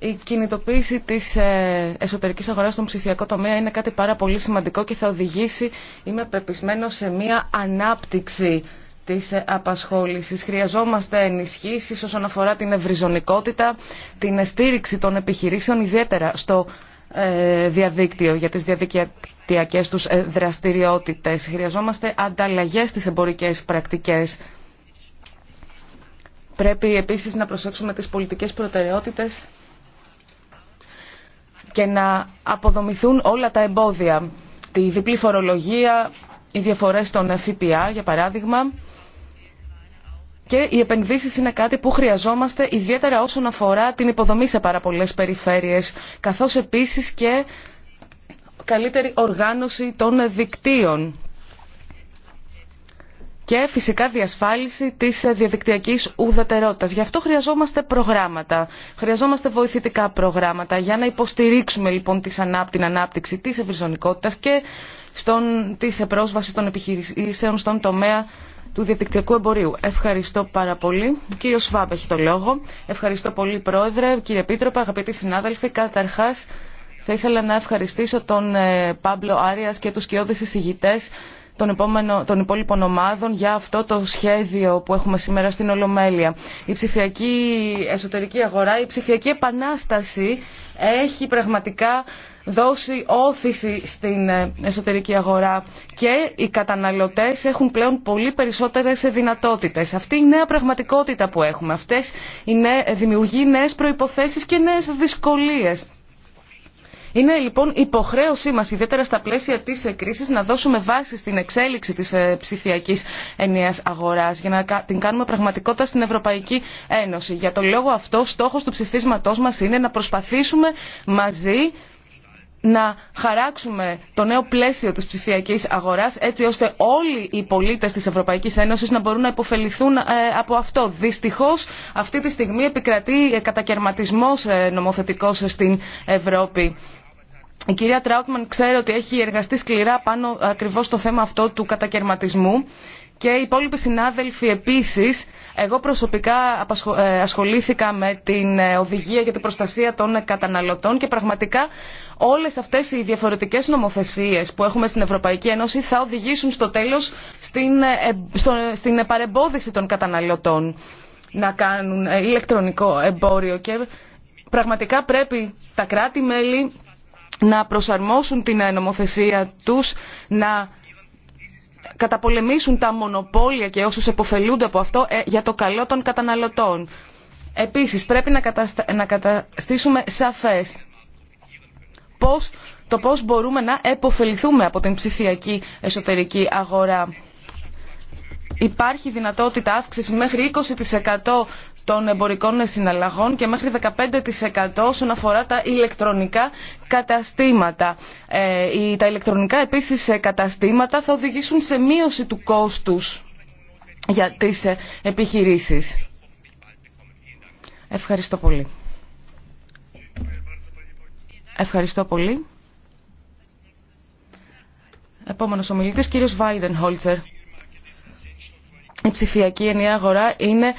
Η κινητοποίηση της ε, εσωτερικής αγοράς στον ψηφιακό τομέα είναι κάτι πάρα πολύ σημαντικό και θα οδηγήσει, είμαι πεπισμένο, σε μια ανάπτυξη της ε, απασχόλησης. Χρειαζόμαστε ενισχύσεις όσον αφορά την ευρυζωνικότητα, την στήριξη των επιχειρήσεων, ιδιαίτερα στο ε, διαδίκτυο για τις διαδικτυακές τους δραστηριότητες. Χρειαζόμαστε ανταλλαγές στις εμπορικές πρακτικές. Πρέπει επίσης να προσέξουμε τις πολιτικές προτεραιότητες και να αποδομηθούν όλα τα εμπόδια. Τη διπλή φορολογία, οι διαφορές των ΦΠΑ για παράδειγμα και οι επενδύσεις είναι κάτι που χρειαζόμαστε ιδιαίτερα όσον αφορά την υποδομή σε πάρα πολλές περιφέρειες καθώς επίσης και καλύτερη οργάνωση των δικτύων και φυσικά διασφάλιση τη διαδικτυακή ουδετερότητα. Γι' αυτό χρειαζόμαστε προγράμματα, χρειαζόμαστε βοηθητικά προγράμματα για να υποστηρίξουμε λοιπόν την ανάπτυξη τη ευρυζωνικότητα και στον, της των επιχειρήσεων στον τομέα του διαδικτυακού εμπορίου. Ευχαριστώ πάρα πολύ. Ο κύριο Σβάμπ έχει το λόγο. Ευχαριστώ πολύ, Πρόεδρε, κύριε Επίτροπε, αγαπητοί συνάδελφοι. Καταρχά, θα ήθελα να ευχαριστήσω τον ε, Πάμπλο Άρια και του κοιόδη εισηγητέ των, επόμενο, των υπόλοιπων ομάδων για αυτό το σχέδιο που έχουμε σήμερα στην Ολομέλεια. Η ψηφιακή εσωτερική αγορά, η ψηφιακή επανάσταση έχει πραγματικά δώσει όθηση στην ε, εσωτερική αγορά και οι καταναλωτές έχουν πλέον πολύ περισσότερες δυνατότητες. Αυτή η νέα πραγματικότητα που έχουμε, αυτές είναι δημιουργεί νέες προϋποθέσεις και νέες δυσκολίες είναι λοιπόν υποχρέωσή μα ιδιαίτερα στα πλαίσια τη ε, κρίση να δώσουμε βάση στην εξέλιξη της ε, ψηφιακή ενιαία αγορά για να την κάνουμε πραγματικότητα στην Ευρωπαϊκή Ένωση. Για τον λόγο αυτό, στόχο του ψηφίσματο μα είναι να προσπαθήσουμε μαζί να χαράξουμε το νέο πλαίσιο της ψηφιακής αγοράς έτσι ώστε όλοι οι πολίτες της Ευρωπαϊκής Ένωσης να μπορούν να υποφεληθούν ε, από αυτό. Δυστυχώς αυτή τη στιγμή επικρατεί κατακαιρματισμός νομοθετικός στην Ευρώπη η κυρία Τράουτμαν ξέρει ότι έχει εργαστεί σκληρά πάνω ακριβώς στο θέμα αυτό του κατακαιρματισμού και οι υπόλοιποι συνάδελφοι επίσης. Εγώ προσωπικά ε, ασχολήθηκα με την ε, οδηγία για την προστασία των καταναλωτών και πραγματικά όλες αυτές οι διαφορετικές νομοθεσίες που έχουμε στην Ευρωπαϊκή Ένωση θα οδηγήσουν στο τέλος στην ε, παρεμπόδιση των καταναλωτών να κάνουν ηλεκτρονικό εμπόριο και πραγματικά πρέπει τα κράτη-μέλη να προσαρμόσουν την νομοθεσία τους, να καταπολεμήσουν τα μονοπόλια και όσους επωφελούνται από αυτό ε, για το καλό των καταναλωτών. Επίσης, πρέπει να, καταστήσουμε σαφές πώς... το πώς μπορούμε να επωφεληθούμε από την ψηφιακή εσωτερική αγορά. Υπάρχει δυνατότητα αύξηση μέχρι 20% των εμπορικών συναλλαγών και μέχρι 15% όσον αφορά τα ηλεκτρονικά καταστήματα. Ε, τα ηλεκτρονικά επίσης ε, καταστήματα θα οδηγήσουν σε μείωση του κόστους για τις ε, επιχειρήσεις. Ευχαριστώ πολύ. Ευχαριστώ πολύ. Επόμενος ομιλητής, κύριος Βάιντεν Χόλτσερ. Η ψηφιακή ενιαία αγορά είναι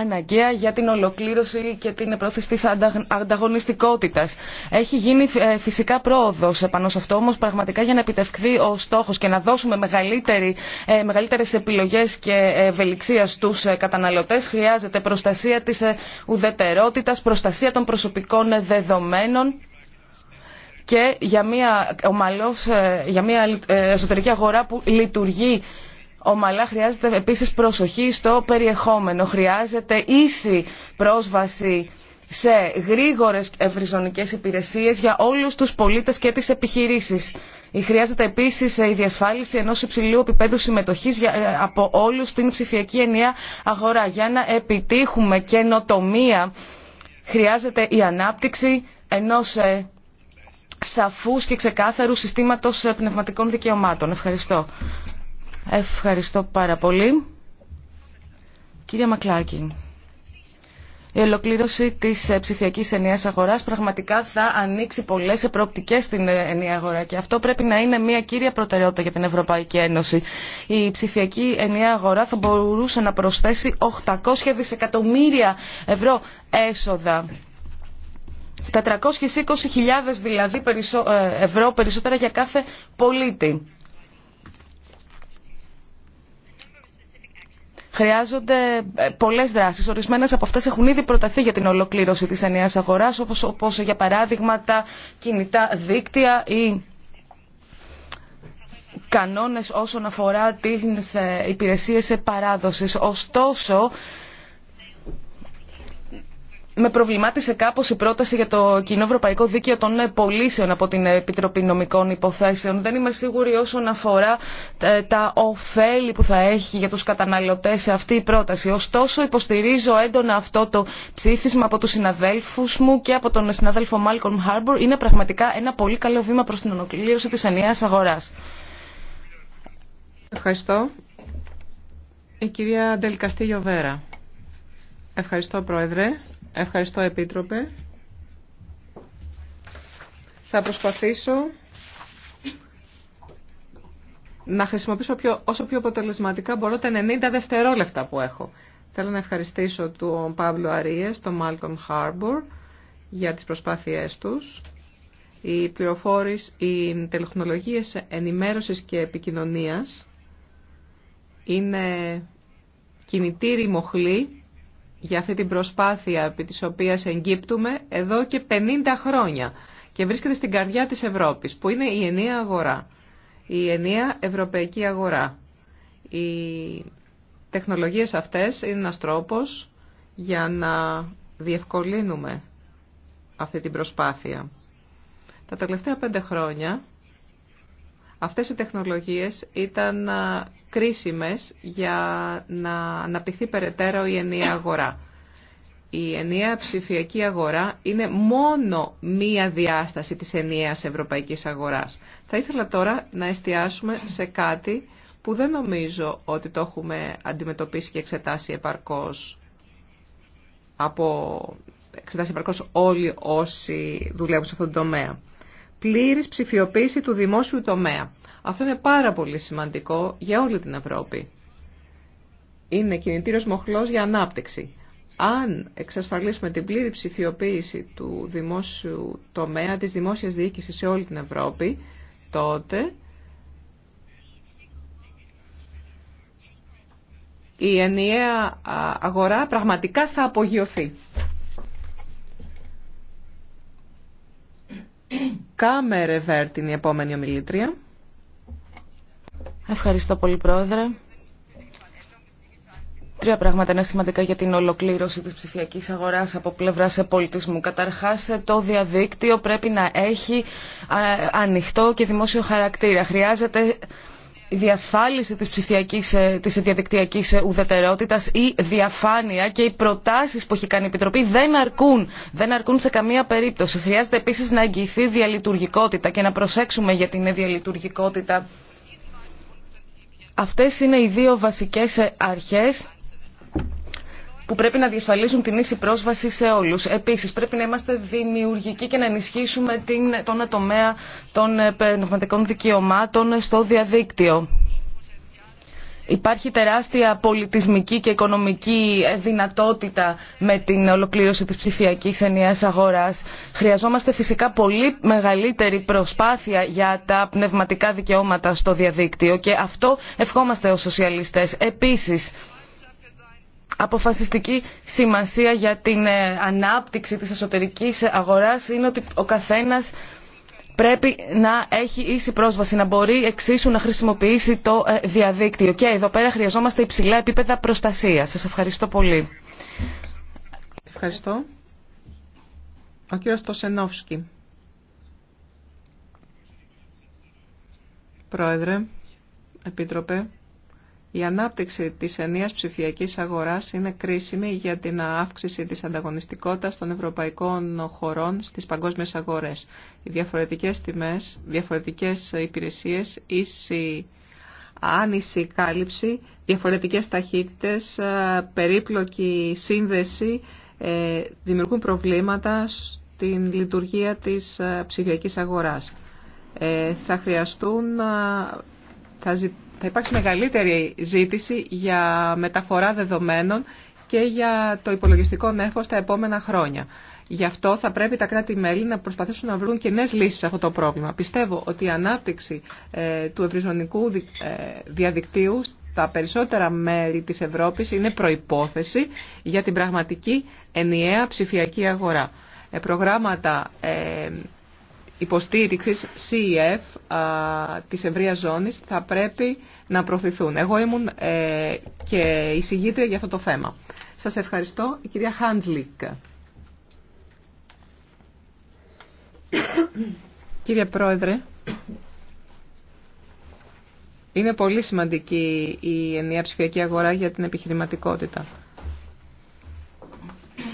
αναγκαία για την ολοκλήρωση και την πρόθεση της ανταγωνιστικότητας. Έχει γίνει ε, φυσικά πρόοδος επάνω σε αυτό, όμως πραγματικά για να επιτευχθεί ο στόχος και να δώσουμε μεγαλύτερε μεγαλύτερες επιλογές και ευελιξία στους ε, καταναλωτές χρειάζεται προστασία της ε, ουδετερότητας, προστασία των προσωπικών δεδομένων και για μια, ομαλώς, για μια εσωτερική αγορά που λειτουργεί ομαλά χρειάζεται επίσης προσοχή στο περιεχόμενο. Χρειάζεται ίση πρόσβαση σε γρήγορες ευρυζωνικές υπηρεσίες για όλους τους πολίτες και τις επιχειρήσεις. Χρειάζεται επίσης η διασφάλιση ενός υψηλού επίπεδου συμμετοχής ε, από όλους στην ψηφιακή ενιαία αγορά. Για να επιτύχουμε καινοτομία χρειάζεται η ανάπτυξη ενός ε, σαφούς και ξεκάθαρου συστήματος ε, πνευματικών δικαιωμάτων. Ευχαριστώ. Ευχαριστώ πάρα πολύ. Κύριε Μακλάρκιν. Η ολοκλήρωση τη ε, ψηφιακή ενιαία αγορά πραγματικά θα ανοίξει πολλέ προοπτικέ στην ε, ενιαία αγορά και αυτό πρέπει να είναι μια κύρια προτεραιότητα για την Ευρωπαϊκή Ένωση. Η ψηφιακή ενιαία αγορά θα μπορούσε να προσθέσει 800 δισεκατομμύρια ευρώ έσοδα. 420.000 δηλαδή ε, ευρώ περισσότερα για κάθε πολίτη. χρειάζονται ε, πολλές δράσεις. Ορισμένες από αυτές έχουν ήδη προταθεί για την ολοκλήρωση της ενιαίας αγοράς, όπως, όπως για παράδειγμα τα κινητά δίκτυα ή κανόνες όσον αφορά τις ε, υπηρεσίες παράδοσης. Ωστόσο, με προβλημάτισε κάπω η πρόταση για το κοινό ευρωπαϊκό δίκαιο των ε, πωλήσεων από την Επιτροπή Νομικών Υποθέσεων. Δεν είμαι σίγουρη όσον αφορά ε, τα ωφέλη που θα έχει για τους καταναλωτές αυτή η πρόταση. Ωστόσο υποστηρίζω έντονα αυτό το ψήφισμα από του συναδέλφους μου και από τον συναδέλφο Μάλκομ Χάρμπορ. Είναι πραγματικά ένα πολύ καλό βήμα προ την ολοκλήρωση τη ενιαία αγορά. Ευχαριστώ. Η κυρία Ντελκαστή Βέρα. Ευχαριστώ, Πρόεδρε. Ευχαριστώ, Επίτροπε. Θα προσπαθήσω να χρησιμοποιήσω πιο, όσο πιο αποτελεσματικά μπορώ τα 90 δευτερόλεπτα που έχω. Θέλω να ευχαριστήσω τον Παύλο Αρίες, τον Μάλκομ Χάρμπορ για τις προσπάθειές τους. Οι πληροφόρεις, οι τεχνολογίες ενημέρωσης και επικοινωνίας είναι κινητήρη μοχλή για αυτή την προσπάθεια επί της οποίας εγκύπτουμε εδώ και 50 χρόνια και βρίσκεται στην καρδιά της Ευρώπης, που είναι η ενιαία αγορά, η ενιαία ευρωπαϊκή αγορά. Οι τεχνολογίες αυτές είναι ένας τρόπος για να διευκολύνουμε αυτή την προσπάθεια. Τα τελευταία πέντε χρόνια Αυτές οι τεχνολογίες ήταν κρίσιμες για να αναπτυχθεί περαιτέρω η ενιαία αγορά. Η ενιαία ψηφιακή αγορά είναι μόνο μία διάσταση της ενιαίας ευρωπαϊκής αγοράς. Θα ήθελα τώρα να εστιάσουμε σε κάτι που δεν νομίζω ότι το έχουμε αντιμετωπίσει και εξετάσει επαρκώς από εξετάσει επαρκώς όλοι όσοι δουλεύουν σε αυτόν τον τομέα πλήρης ψηφιοποίηση του δημόσιου τομέα. Αυτό είναι πάρα πολύ σημαντικό για όλη την Ευρώπη. Είναι κινητήριο μοχλός για ανάπτυξη. Αν εξασφαλίσουμε την πλήρη ψηφιοποίηση του δημόσιου τομέα, της δημόσιας διοίκησης σε όλη την Ευρώπη, τότε η ενιαία αγορά πραγματικά θα απογειωθεί. Κάμερε Βέρτ την επόμενη ομιλήτρια. Ευχαριστώ πολύ Πρόεδρε. Τρία πράγματα είναι σημαντικά για την ολοκλήρωση της ψηφιακής αγοράς από πλευρά σε πολιτισμού. Καταρχάς, το διαδίκτυο πρέπει να έχει ανοιχτό και δημόσιο χαρακτήρα. Χρειάζεται διασφάλιση της ψηφιακής, ε, της διαδικτυακής ε, ουδετερότητας ή διαφάνεια και οι προτάσεις που έχει κάνει η Επιτροπή δεν αρκούν. Δεν αρκούν σε καμία περίπτωση. Χρειάζεται επίσης να εγγυηθεί διαλειτουργικότητα και να προσέξουμε για την διαλειτουργικότητα. Αυτές είναι οι δύο βασικές ε, αρχές που πρέπει να διασφαλίζουν την ίση πρόσβαση σε όλους. Επίσης, πρέπει να είμαστε δημιουργικοί και να ενισχύσουμε την, τον τομέα των ε, πνευματικών δικαιωμάτων στο διαδίκτυο. Υπάρχει τεράστια πολιτισμική και οικονομική ε, δυνατότητα με την ολοκλήρωση της ψηφιακής ενιαίας αγοράς. Χρειαζόμαστε φυσικά πολύ μεγαλύτερη προσπάθεια για τα πνευματικά δικαιώματα στο διαδίκτυο και αυτό ευχόμαστε ως σοσιαλιστές. Επίσης, αποφασιστική σημασία για την ε, ανάπτυξη της εσωτερικής αγοράς είναι ότι ο καθένας πρέπει να έχει ίση πρόσβαση, να μπορεί εξίσου να χρησιμοποιήσει το ε, διαδίκτυο. Και εδώ πέρα χρειαζόμαστε υψηλά επίπεδα προστασίας. Σας ευχαριστώ πολύ. Ευχαριστώ. Ο κύριος Πρόεδρε, Επίτροπε, η ανάπτυξη της ενίας ψηφιακής αγοράς είναι κρίσιμη για την αύξηση της ανταγωνιστικότητας των ευρωπαϊκών χωρών στις παγκόσμιες αγορές. Οι διαφορετικές τιμές, διαφορετικές υπηρεσίες, ίση άνηση κάλυψη, διαφορετικές ταχύτητες, ε, περίπλοκη σύνδεση ε, δημιουργούν προβλήματα στην λειτουργία της ε, ψηφιακής αγοράς. Θα χρειαστούν, θα υπάρξει μεγαλύτερη ζήτηση για μεταφορά δεδομένων και για το υπολογιστικό νέφος τα επόμενα χρόνια. Γι' αυτό θα πρέπει τα κράτη-μέλη να προσπαθήσουν να βρουν κοινέ λύσει σε αυτό το πρόβλημα. Πιστεύω ότι η ανάπτυξη ε, του ευρυζωνικού ε, διαδικτύου στα περισσότερα μέρη της Ευρώπης είναι προϋπόθεση για την πραγματική ενιαία ψηφιακή αγορά. Ε, προγράμματα υποστήριξης CEF α, της ευρείας ζώνης θα πρέπει να προωθηθούν. Εγώ ήμουν ε, και εισηγήτρια για αυτό το θέμα. Σας ευχαριστώ. Η κυρία Χάντζλικ. Κύριε Πρόεδρε, είναι πολύ σημαντική η ενιαία ψηφιακή αγορά για την επιχειρηματικότητα.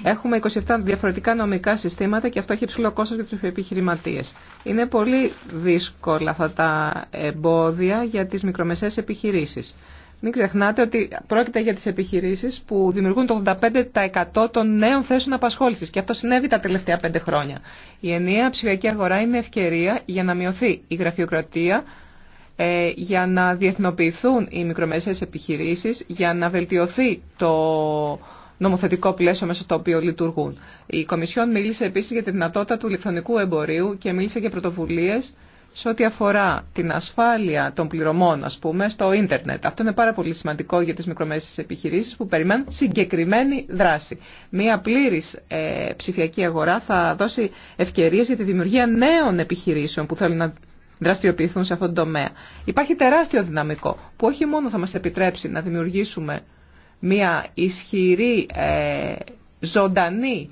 Έχουμε 27 διαφορετικά νομικά συστήματα και αυτό έχει υψηλό κόστος για τους επιχειρηματίες. Είναι πολύ δύσκολα αυτά τα εμπόδια για τις μικρομεσαίες επιχειρήσεις. Μην ξεχνάτε ότι πρόκειται για τις επιχειρήσεις που δημιουργούν το 85% των νέων θέσεων απασχόλησης και αυτό συνέβη τα τελευταία πέντε χρόνια. Η ενιαία ψηφιακή αγορά είναι ευκαιρία για να μειωθεί η γραφειοκρατία, ε, για να διεθνοποιηθούν οι μικρομεσαίες επιχειρήσεις, για να βελτιωθεί το νομοθετικό πλαίσιο μέσα στο οποίο λειτουργούν. Η Κομισιόν μίλησε επίσης για τη δυνατότητα του ηλεκτρονικού εμπορίου και μίλησε για πρωτοβουλίες σε ό,τι αφορά την ασφάλεια των πληρωμών, ας πούμε, στο ίντερνετ. Αυτό είναι πάρα πολύ σημαντικό για τις μικρομέσεις επιχειρήσεις που περιμένουν συγκεκριμένη δράση. Μία πλήρης ε, ψηφιακή αγορά θα δώσει ευκαιρίες για τη δημιουργία νέων επιχειρήσεων που θέλουν να δραστηριοποιηθούν σε αυτόν τον τομέα. Υπάρχει τεράστιο δυναμικό που όχι μόνο θα μας επιτρέψει να δημιουργήσουμε μια ισχυρή, ε, ζωντανή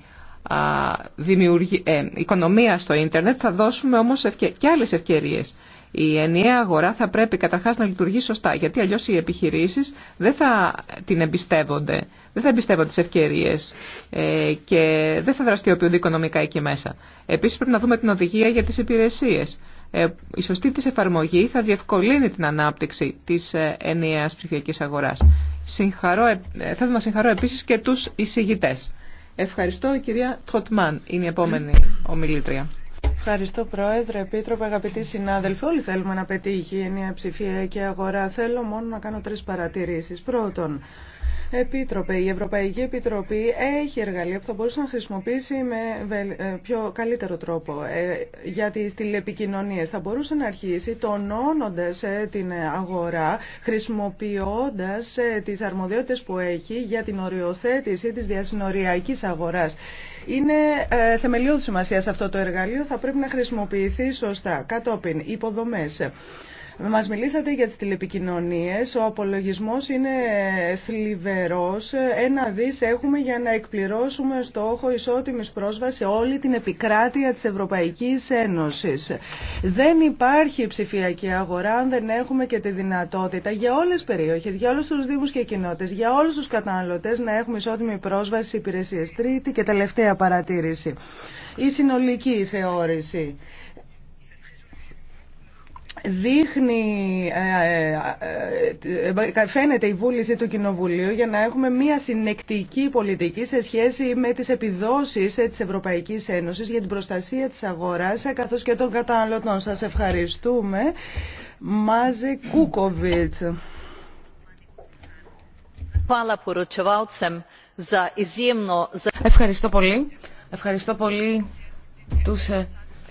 ε, οικονομία στο ίντερνετ, θα δώσουμε όμως και άλλες ευκαιρίες. Η ενιαία αγορά θα πρέπει καταρχάς να λειτουργεί σωστά, γιατί αλλιώς οι επιχειρήσεις δεν θα την εμπιστεύονται, δεν θα εμπιστεύονται τις ευκαιρίες ε, και δεν θα δραστηριοποιούνται οικονομικά εκεί μέσα. Επίσης πρέπει να δούμε την οδηγία για τις υπηρεσίες. Ε, η σωστή της εφαρμογή θα διευκολύνει την ανάπτυξη της ε, ενιαίας ψηφιακής αγοράς. Συγχαρώ, ε, θέλω να συγχαρώ επίσης και τους εισηγητές. Ευχαριστώ κυρία Τχοτμάν. είναι η επόμενη ομιλήτρια. Ευχαριστώ Πρόεδρε, Επίτροπε, αγαπητοί συνάδελφοι. Όλοι θέλουμε να πετύχει η ενιαία ψηφιακή αγορά. Θέλω μόνο να κάνω τρεις παρατηρήσεις. Πρώτον, Επίτροπε, η Ευρωπαϊκή Επιτροπή έχει εργαλεία που θα μπορούσε να χρησιμοποιήσει με ε, πιο καλύτερο τρόπο ε, για τι τηλεπικοινωνίε. Θα μπορούσε να αρχίσει τονώνοντα ε, την αγορά, χρησιμοποιώντα τι αρμοδιότητες που έχει για την οριοθέτηση της διασυνοριακής αγοράς. Είναι ε, θεμελιώδη σημασία αυτό το εργαλείο, θα πρέπει να χρησιμοποιηθεί σωστά. Κατόπιν, υποδομέ. Μας μιλήσατε για τις τηλεπικοινωνίες. Ο απολογισμός είναι θλιβερός. Ένα δις έχουμε για να εκπληρώσουμε στόχο ισότιμης πρόσβαση όλη την επικράτεια της Ευρωπαϊκής Ένωσης. Δεν υπάρχει ψηφιακή αγορά αν δεν έχουμε και τη δυνατότητα για όλες τις περιοχές, για όλους τους δήμους και κοινότητες, για όλους τους καταναλωτές να έχουμε ισότιμη πρόσβαση υπηρεσίες. Τρίτη και τελευταία παρατήρηση. Η συνολική θεώρηση δείχνει, ε, ε, ε, φαίνεται η βούληση του Κοινοβουλίου για να έχουμε μια συνεκτική πολιτική σε σχέση με τις επιδόσεις της Ευρωπαϊκής Ένωσης για την προστασία της αγοράς καθώς και των καταναλωτών. Σας ευχαριστούμε. Μάζε Κούκοβιτς. Ευχαριστώ πολύ. Ευχαριστώ πολύ τους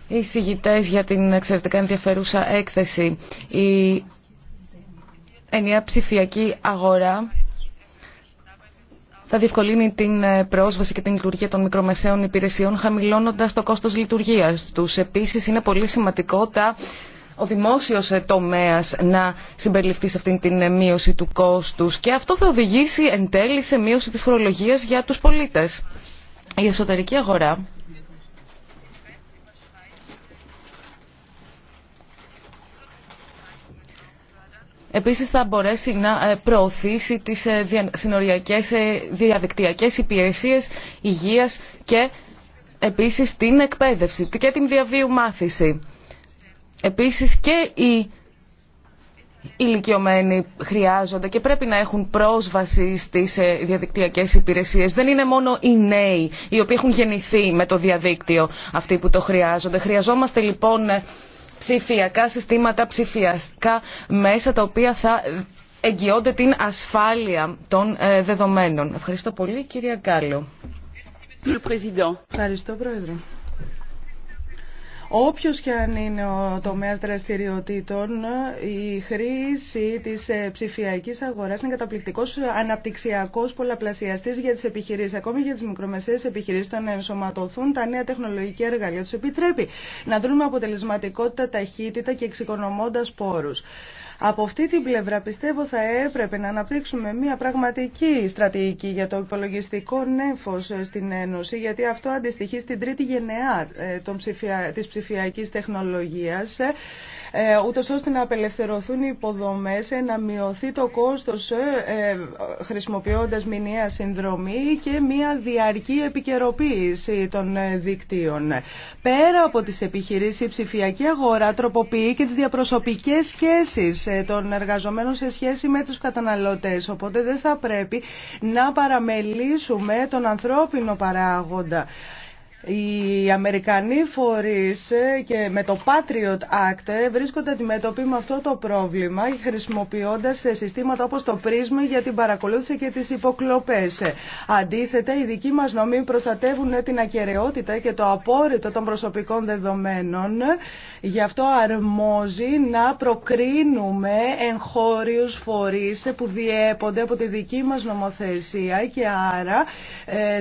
συγητέ για την εξαιρετικά ενδιαφέρουσα έκθεση. Η ενιαία ψηφιακή αγορά θα διευκολύνει την ε, πρόσβαση και την λειτουργία των μικρομεσαίων υπηρεσιών, χαμηλώνοντας το κόστος λειτουργίας του. Επίσης, είναι πολύ σημαντικό τα ο δημόσιος ε, τομέας να συμπεριληφθεί σε αυτήν την ε, μείωση του κόστους και αυτό θα οδηγήσει εν τέλει σε μείωση της φορολογίας για τους πολίτες. Η εσωτερική αγορά Επίσης θα μπορέσει να ε, προωθήσει τις ε, συνοριακές ε, διαδικτυακές υπηρεσίες υγείας και επίσης την εκπαίδευση και την διαβίου μάθηση. Επίσης και οι ηλικιωμένοι χρειάζονται και πρέπει να έχουν πρόσβαση στις διαδικτυακές υπηρεσίες. Δεν είναι μόνο οι νέοι οι οποίοι έχουν γεννηθεί με το διαδίκτυο αυτοί που το χρειάζονται. Χρειαζόμαστε λοιπόν ψηφιακά συστήματα, ψηφιακά μέσα τα οποία θα εγγυώνται την ασφάλεια των ε, δεδομένων. Ευχαριστώ πολύ κυρία Γκάλο. Ευχαριστώ Πρόεδρε. Όποιο και αν είναι ο τομέα δραστηριοτήτων, η χρήση της ε, ψηφιακής αγοράς είναι καταπληκτικό αναπτυξιακός πολλαπλασιαστής για τις επιχειρήσεις. Ακόμη για τι μικρομεσαίες επιχειρήσεις, το να ενσωματωθούν τα νέα τεχνολογικά εργαλεία Του επιτρέπει να δρουν με αποτελεσματικότητα, ταχύτητα και εξοικονομώντα πόρου. Από αυτή την πλευρά πιστεύω θα έπρεπε να αναπτύξουμε μια πραγματική στρατηγική για το υπολογιστικό νέφος στην Ένωση, γιατί αυτό αντιστοιχεί στην τρίτη γενεά ε, της ψηφιακής τεχνολογίας ε, ε, ούτως ώστε να απελευθερωθούν οι υποδομές, ε, να μειωθεί το κόστος ε, χρησιμοποιώντας μηνιαία συνδρομή και μια διαρκή επικαιροποίηση των δικτύων. Πέρα από τις επιχειρήσεις, η ψηφιακή αγορά τροποποιεί και τις διαπροσωπικές σχέσεις των εργαζομένων σε σχέση με τους καταναλωτές. Οπότε δεν θα πρέπει να παραμελήσουμε τον ανθρώπινο παράγοντα. Οι Αμερικανοί φορείς ε, και με το Patriot Act ε, βρίσκονται αντιμέτωποι με αυτό το πρόβλημα χρησιμοποιώντας ε, συστήματα όπως το Prism για την παρακολούθηση και τις υποκλοπές. Αντίθετα, οι δικοί μας νομοί προστατεύουν την ακαιρεότητα και το απόρριτο των προσωπικών δεδομένων. Γι' αυτό αρμόζει να προκρίνουμε εγχώριους φορείς που διέπονται από τη δική μας νομοθεσία και άρα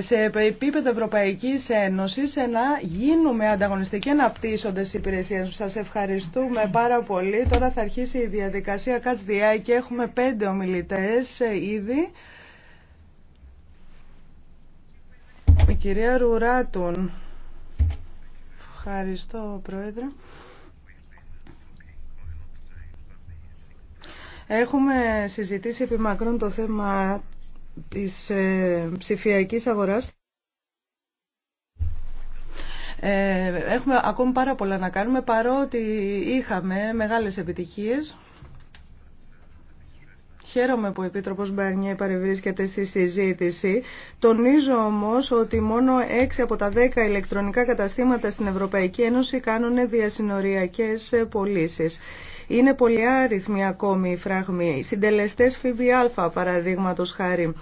σε επίπεδο Ευρωπαϊκής Ένωσης σε να γίνουμε ανταγωνιστικοί να πτήσονται στις υπηρεσίες. Σας ευχαριστούμε πάρα πολύ. Τώρα θα αρχίσει η διαδικασία Catch και έχουμε πέντε ομιλητές ε, ήδη. Η κυρία Ρουράτουν. Ευχαριστώ, Πρόεδρε. Έχουμε συζητήσει επί μακρόν το θέμα της ε, ψηφιακής αγοράς. Ε, έχουμε ακόμη πάρα πολλά να κάνουμε παρότι είχαμε μεγάλες επιτυχίες. Χαίρομαι που ο Επίτροπος Μπαρνιέ παρευρίσκεται στη συζήτηση. Τονίζω όμως ότι μόνο 6 από τα 10 ηλεκτρονικά καταστήματα στην Ευρωπαϊκή Ένωση κάνουν διασυνοριακές πωλήσεις. Είναι πολύ άριθμοι ακόμη οι φράγμοι. Συντελεστές ΦΠΑ παραδείγματος χάρη.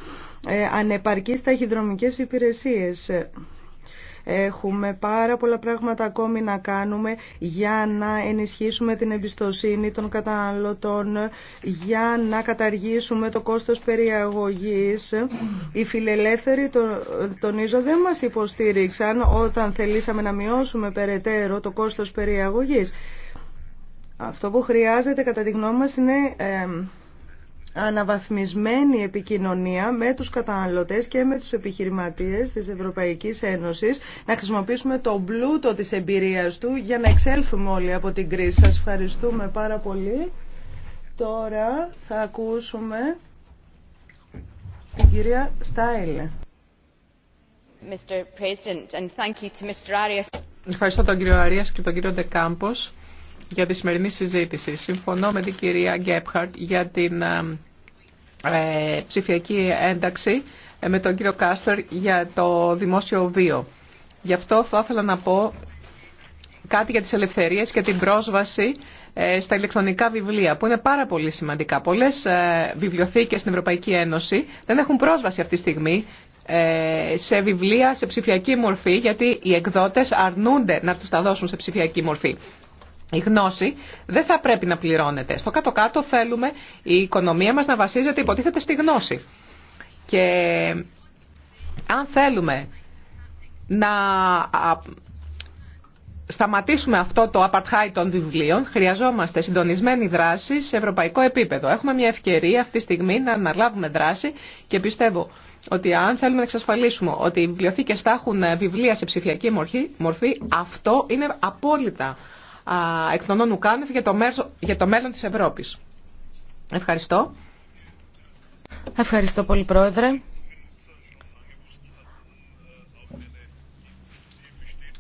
Ε, ανεπαρκείς ταχυδρομικές υπηρεσίες. Έχουμε πάρα πολλά πράγματα ακόμη να κάνουμε για να ενισχύσουμε την εμπιστοσύνη των καταναλωτών, για να καταργήσουμε το κόστος περιαγωγής. Οι φιλελεύθεροι, τονίζω, δεν μας υποστήριξαν όταν θελήσαμε να μειώσουμε περαιτέρω το κόστος περιαγωγής. Αυτό που χρειάζεται κατά τη γνώμη μας είναι ε, αναβαθμισμένη επικοινωνία με τους καταναλωτές και με τους επιχειρηματίες της Ευρωπαϊκής Ένωσης, να χρησιμοποιήσουμε τον πλούτο της εμπειρίας του για να εξέλθουμε όλοι από την κρίση. Σας ευχαριστούμε πάρα πολύ. Τώρα θα ακούσουμε την κυρία Στάιλε. President, and thank you to Mr. Arias. Ευχαριστώ τον κύριο Αρίας και τον κύριο Ντεκάμπος για τη σημερινή συζήτηση. Συμφωνώ με την κυρία Γκέπχαρτ για την ε, ε, ψηφιακή ένταξη ε, με τον κύριο Κάστερ για το δημόσιο βίο. Γι' αυτό θα ήθελα να πω κάτι για τις ελευθερίες και την πρόσβαση στα ηλεκτρονικά βιβλία, που είναι πάρα πολύ σημαντικά. Πολλές βιβλιοθήκες στην Ευρωπαϊκή Ένωση δεν έχουν πρόσβαση αυτή τη στιγμή σε βιβλία σε ψηφιακή μορφή, γιατί οι εκδότες αρνούνται να τους τα δώσουν σε ψηφιακή μορφή η γνώση δεν θα πρέπει να πληρώνεται. Στο κάτω-κάτω θέλουμε η οικονομία μας να βασίζεται υποτίθεται στη γνώση. Και αν θέλουμε να σταματήσουμε αυτό το apartheid των βιβλίων, χρειαζόμαστε συντονισμένη δράση σε ευρωπαϊκό επίπεδο. Έχουμε μια ευκαιρία αυτή τη στιγμή να αναλάβουμε δράση και πιστεύω ότι αν θέλουμε να εξασφαλίσουμε ότι οι βιβλιοθήκες θα έχουν βιβλία σε ψηφιακή μορφή, αυτό είναι απόλυτα εκ των Ουκάνευ για το, για το μέλλον της Ευρώπης. Ευχαριστώ. Ευχαριστώ πολύ Πρόεδρε.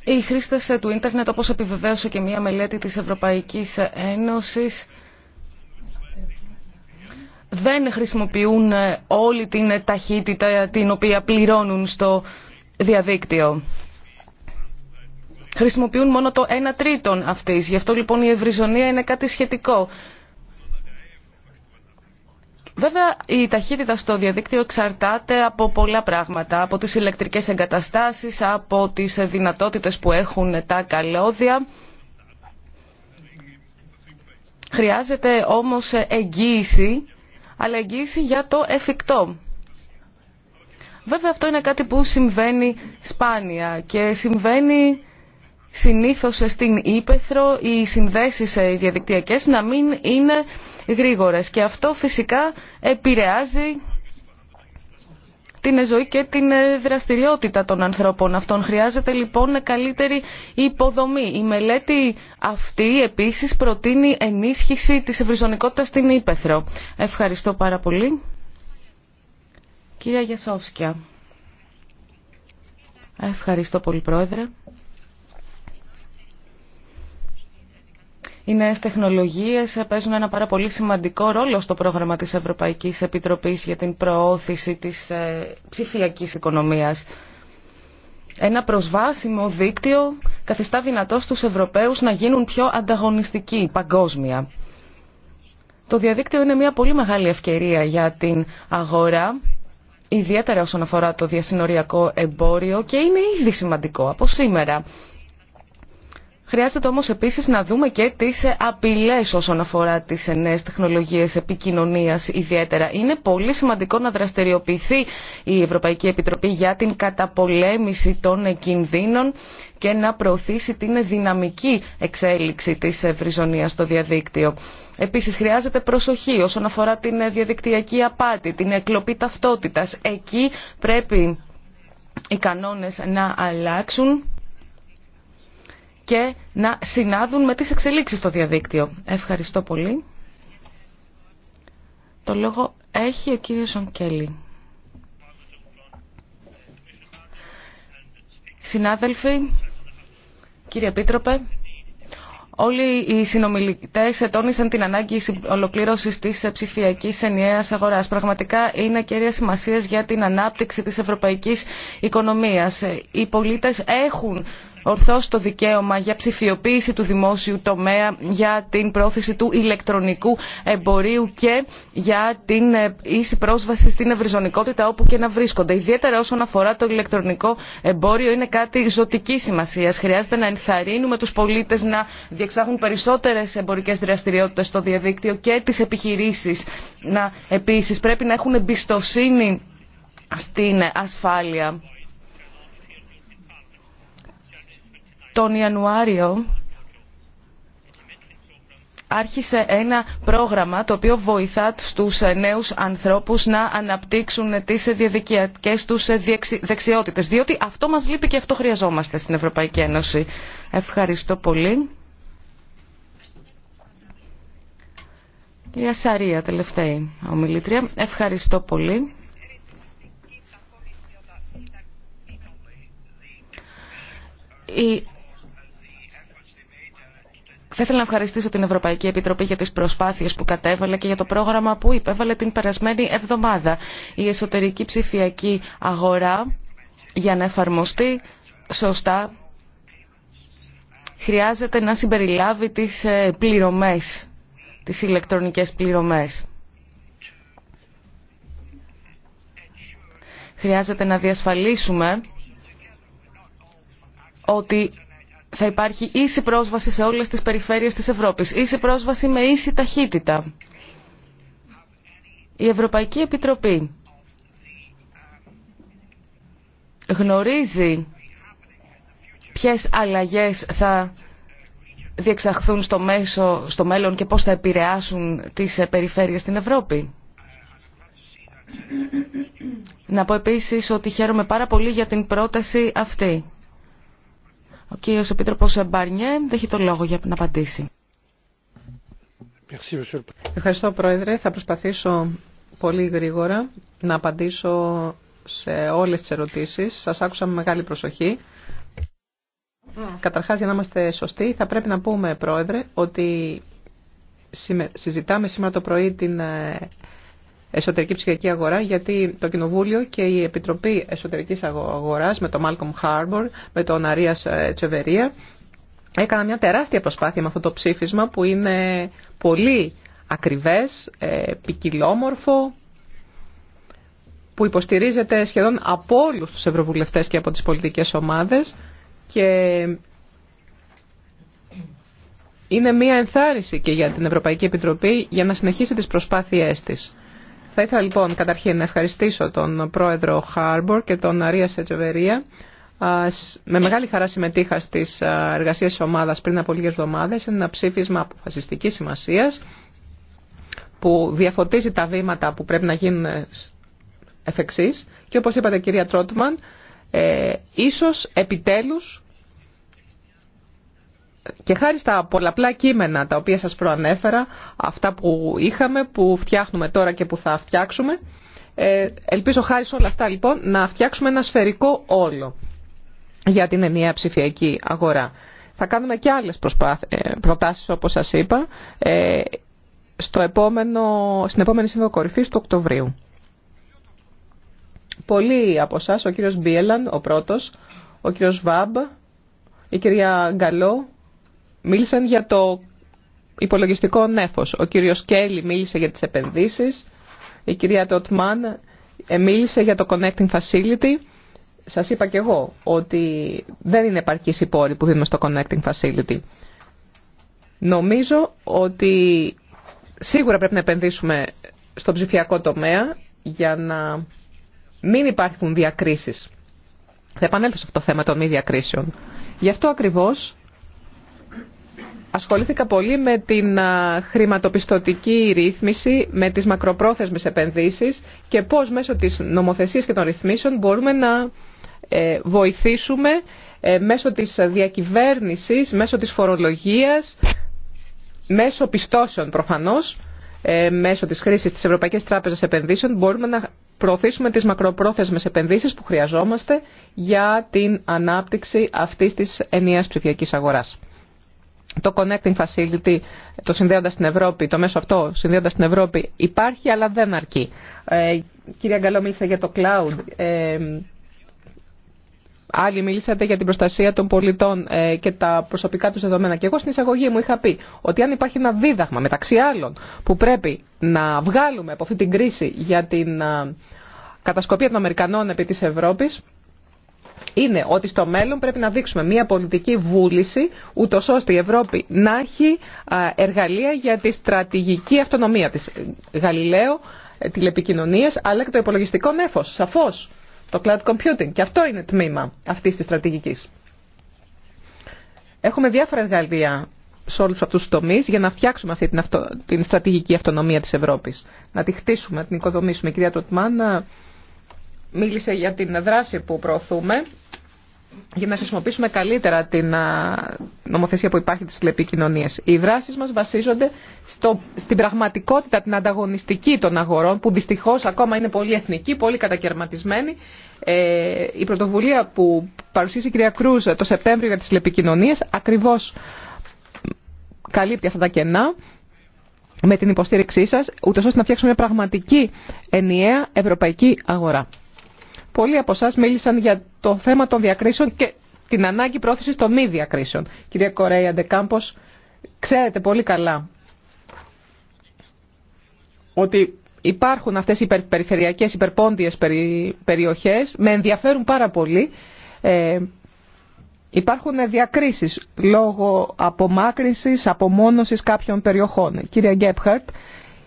Οι χρήστες του ίντερνετ, όπως επιβεβαίωσε και μία μελέτη της Ευρωπαϊκής Ένωσης, δεν χρησιμοποιούν όλη την ταχύτητα την οποία πληρώνουν στο διαδίκτυο χρησιμοποιούν μόνο το 1 τρίτον αυτή. Γι' αυτό λοιπόν η ευρυζωνία είναι κάτι σχετικό. Βέβαια, η ταχύτητα στο διαδίκτυο εξαρτάται από πολλά πράγματα, από τις ηλεκτρικές εγκαταστάσεις, από τις δυνατότητες που έχουν τα καλώδια. Χρειάζεται όμως εγγύηση, αλλά εγγύηση για το εφικτό. Βέβαια, αυτό είναι κάτι που συμβαίνει σπάνια και συμβαίνει συνήθως στην Ήπεθρο οι συνδέσεις ε, διαδικτυακές να μην είναι γρήγορες και αυτό φυσικά επηρεάζει την ζωή και την ε, δραστηριότητα των ανθρώπων αυτών. Χρειάζεται λοιπόν καλύτερη υποδομή. Η μελέτη αυτή επίσης προτείνει ενίσχυση της ευρυζωνικότητας στην Ήπεθρο. Ευχαριστώ πάρα πολύ. Κυρία Γιασόφσκια. Ευχαριστώ πολύ Πρόεδρε. Οι νέε τεχνολογίε παίζουν ένα πάρα πολύ σημαντικό ρόλο στο πρόγραμμα της Ευρωπαϊκή Επιτροπή για την προώθηση της ε, ψηφιακής οικονομίας. Ένα προσβάσιμο δίκτυο καθιστά δυνατό στους Ευρωπαίους να γίνουν πιο ανταγωνιστικοί παγκόσμια. Το διαδίκτυο είναι μια πολύ μεγάλη ευκαιρία για την αγορά, ιδιαίτερα όσον αφορά το διασυνοριακό εμπόριο και είναι ήδη σημαντικό από σήμερα. Χρειάζεται όμως επίσης να δούμε και τις ε, απειλές όσον αφορά τις ε, νέες τεχνολογίες επικοινωνίας ιδιαίτερα. Είναι πολύ σημαντικό να δραστηριοποιηθεί η Ευρωπαϊκή Επιτροπή για την καταπολέμηση των ε, κινδύνων και να προωθήσει την δυναμική εξέλιξη της ευρυζωνίας στο διαδίκτυο. Επίσης χρειάζεται προσοχή όσον αφορά την διαδικτυακή απάτη, την εκλοπή ταυτότητας. Εκεί πρέπει οι κανόνες να αλλάξουν και να συνάδουν με τις εξελίξεις στο διαδίκτυο. Ευχαριστώ πολύ. Το λόγο έχει ο κύριος Σονκέλη. Συνάδελφοι, κύριε Επίτροπε, Όλοι οι συνομιλητές ετώνησαν την ανάγκη ολοκλήρωσης της ψηφιακής ενιαίας αγοράς. Πραγματικά είναι κέρια σημασία για την ανάπτυξη της ευρωπαϊκής οικονομίας. Οι πολίτες έχουν ορθώς το δικαίωμα για ψηφιοποίηση του δημόσιου τομέα, για την πρόθεση του ηλεκτρονικού εμπορίου και για την ε, ίση πρόσβαση στην ευρυζωνικότητα όπου και να βρίσκονται. Ιδιαίτερα όσον αφορά το ηλεκτρονικό εμπόριο είναι κάτι ζωτική σημασία. Χρειάζεται να ενθαρρύνουμε τους πολίτε να διεξάγουν περισσότερες εμπορικέ δραστηριότητε στο διαδίκτυο και τι επιχειρήσει να επίσης πρέπει να έχουν εμπιστοσύνη στην ασφάλεια τον Ιανουάριο άρχισε ένα πρόγραμμα το οποίο βοηθά τους νέους ανθρώπους να αναπτύξουν τις διαδικιακές τους δεξιότητες. Διότι αυτό μας λείπει και αυτό χρειαζόμαστε στην Ευρωπαϊκή Ένωση. Ευχαριστώ πολύ. Κυρία Σαρία, τελευταία ομιλήτρια. Ευχαριστώ πολύ. Θα ήθελα να ευχαριστήσω την Ευρωπαϊκή Επιτροπή για τις προσπάθειες που κατέβαλε και για το πρόγραμμα που υπέβαλε την περασμένη εβδομάδα. Η εσωτερική ψηφιακή αγορά για να εφαρμοστεί σωστά χρειάζεται να συμπεριλάβει τις ε, πληρωμές, τις ηλεκτρονικές πληρωμές. Χρειάζεται να διασφαλίσουμε ότι θα υπάρχει ίση πρόσβαση σε όλες τις περιφέρειες της Ευρώπης, ίση πρόσβαση με ίση ταχύτητα. Η Ευρωπαϊκή Επιτροπή γνωρίζει ποιες αλλαγές θα διεξαχθούν στο, μέσο, στο μέλλον και πώς θα επηρεάσουν τις περιφέρειες στην Ευρώπη. Να πω επίσης ότι χαίρομαι πάρα πολύ για την πρόταση αυτή. Ο κύριος Επίτροπος Μπαρνιέ δέχει το λόγο για να απαντήσει. Ευχαριστώ Πρόεδρε. Θα προσπαθήσω πολύ γρήγορα να απαντήσω σε όλες τις ερωτήσεις. Σας άκουσα με μεγάλη προσοχή. Καταρχάς για να είμαστε σωστοί θα πρέπει να πούμε Πρόεδρε ότι συζητάμε σήμερα το πρωί την ε, εσωτερική ψυχιακή αγορά, γιατί το Κοινοβούλιο και η Επιτροπή Εσωτερικής Αγοράς με τον Μάλκομ Χάρμπορ, με τον Αρία ε, Τσεβερία, έκανα μια τεράστια προσπάθεια με αυτό το ψήφισμα που είναι πολύ ακριβές, ε, ποικιλόμορφο, που υποστηρίζεται σχεδόν από όλους τους ευρωβουλευτές και από τις πολιτικές ομάδες και είναι μια ενθάρρυνση και για την Ευρωπαϊκή Επιτροπή για να συνεχίσει τις προσπάθειές της. Θα ήθελα λοιπόν καταρχήν να ευχαριστήσω τον πρόεδρο Χάρμπορ και τον Αρία Σετζοβερία. Με μεγάλη χαρά συμμετείχα στι εργασίε τη ομάδα πριν από λίγε εβδομάδε. Είναι ένα ψήφισμα αποφασιστική σημασία που διαφωτίζει τα βήματα που πρέπει να γίνουν ε, εφ' εξής. Και όπως είπατε κυρία Τρότμαν, ε, ίσως επιτέλους και χάρη στα πολλαπλά κείμενα τα οποία σας προανέφερα, αυτά που είχαμε, που φτιάχνουμε τώρα και που θα φτιάξουμε, ε, ελπίζω χάρη σε όλα αυτά λοιπόν να φτιάξουμε ένα σφαιρικό όλο για την ενιαία ψηφιακή αγορά. Θα κάνουμε και άλλες ε, προτάσεις όπως σας είπα ε, στο επόμενο, στην επόμενη σύνοδο κορυφής του Οκτωβρίου. Πολλοί από εσά, ο κύριος Μπίελαν, ο πρώτος, ο κύριος Βάμπ, η κυρία Γκαλό, Μίλησαν για το υπολογιστικό νέφος. Ο κύριος Κέλλη μίλησε για τις επενδύσεις. Η κυρία Τότμαν ε, μίλησε για το Connecting Facility. Σας είπα και εγώ ότι δεν είναι επαρκής η πόρη που δίνουμε στο Connecting Facility. Νομίζω ότι σίγουρα πρέπει να επενδύσουμε στο ψηφιακό τομέα για να μην υπάρχουν διακρίσεις. Θα επανέλθω σε αυτό το θέμα των μη διακρίσεων. Γι' αυτό ακριβώς Ασχολήθηκα πολύ με την χρηματοπιστωτική ρύθμιση, με τις μακροπρόθεσμες επενδύσεις και πώς μέσω της νομοθεσίας και των ρυθμίσεων μπορούμε να ε, βοηθήσουμε ε, μέσω της διακυβέρνησης, μέσω της φορολογίας, μέσω πιστώσεων προφανώς, ε, μέσω της χρήσης της Ευρωπαϊκής Τράπεζας Επενδύσεων μπορούμε να προωθήσουμε τις μακροπρόθεσμες επενδύσεις που χρειαζόμαστε για την ανάπτυξη αυτής της ενιαίας ψηφιακής αγοράς το Connecting Facility, το συνδέοντα στην Ευρώπη, το μέσο αυτό συνδέοντα στην Ευρώπη υπάρχει αλλά δεν αρκεί. Ε, κυρία Γκαλό μίλησε για το cloud. Ε, άλλοι μίλησατε για την προστασία των πολιτών ε, και τα προσωπικά τους δεδομένα. Και εγώ στην εισαγωγή μου είχα πει ότι αν υπάρχει ένα δίδαγμα μεταξύ άλλων που πρέπει να βγάλουμε από αυτή την κρίση για την ε, κατασκοπία των Αμερικανών επί της Ευρώπης, είναι ότι στο μέλλον πρέπει να δείξουμε μια πολιτική βούληση, ούτω ώστε η Ευρώπη να έχει εργαλεία για τη στρατηγική αυτονομία της. Γαλιλαίο, ε, τηλεπικοινωνίες, αλλά και το υπολογιστικό νέφος, σαφώς, το cloud computing. Και αυτό είναι τμήμα αυτής της στρατηγικής. Έχουμε διάφορα εργαλεία σε όλους αυτούς τους τομείς για να φτιάξουμε αυτή την, την στρατηγική αυτονομία της Ευρώπης. Να τη χτίσουμε, να την οικοδομήσουμε. Κυρία Τροτμάν, μίλησε για την δράση που προωθούμε για να χρησιμοποιήσουμε καλύτερα την νομοθεσία που υπάρχει της τηλεπικοινωνίας. Οι δράσεις μας βασίζονται στο, στην πραγματικότητα, την ανταγωνιστική των αγορών, που δυστυχώς ακόμα είναι πολύ εθνική, πολύ κατακαιρματισμένη. Ε, η πρωτοβουλία που παρουσίασε η κυρία Κρούζ το Σεπτέμβριο για τις τηλεπικοινωνίες ακριβώς καλύπτει αυτά τα κενά με την υποστήριξή σας, ούτως ώστε να φτιάξουμε μια πραγματική ενιαία ευρωπαϊκή αγορά. Πολλοί από εσά μίλησαν για το θέμα των διακρίσεων και την ανάγκη πρόθεση των μη διακρίσεων. Κυρία Κορέα Ντεκάμπο, ξέρετε πολύ καλά ότι υπάρχουν αυτές οι περιφερειακές υπερπόντιες περιοχές, με ενδιαφέρουν πάρα πολύ. Ε, υπάρχουν διακρίσεις λόγω απομάκρυνσης, απομόνωσης κάποιων περιοχών. κυρία Γκέπχαρτ,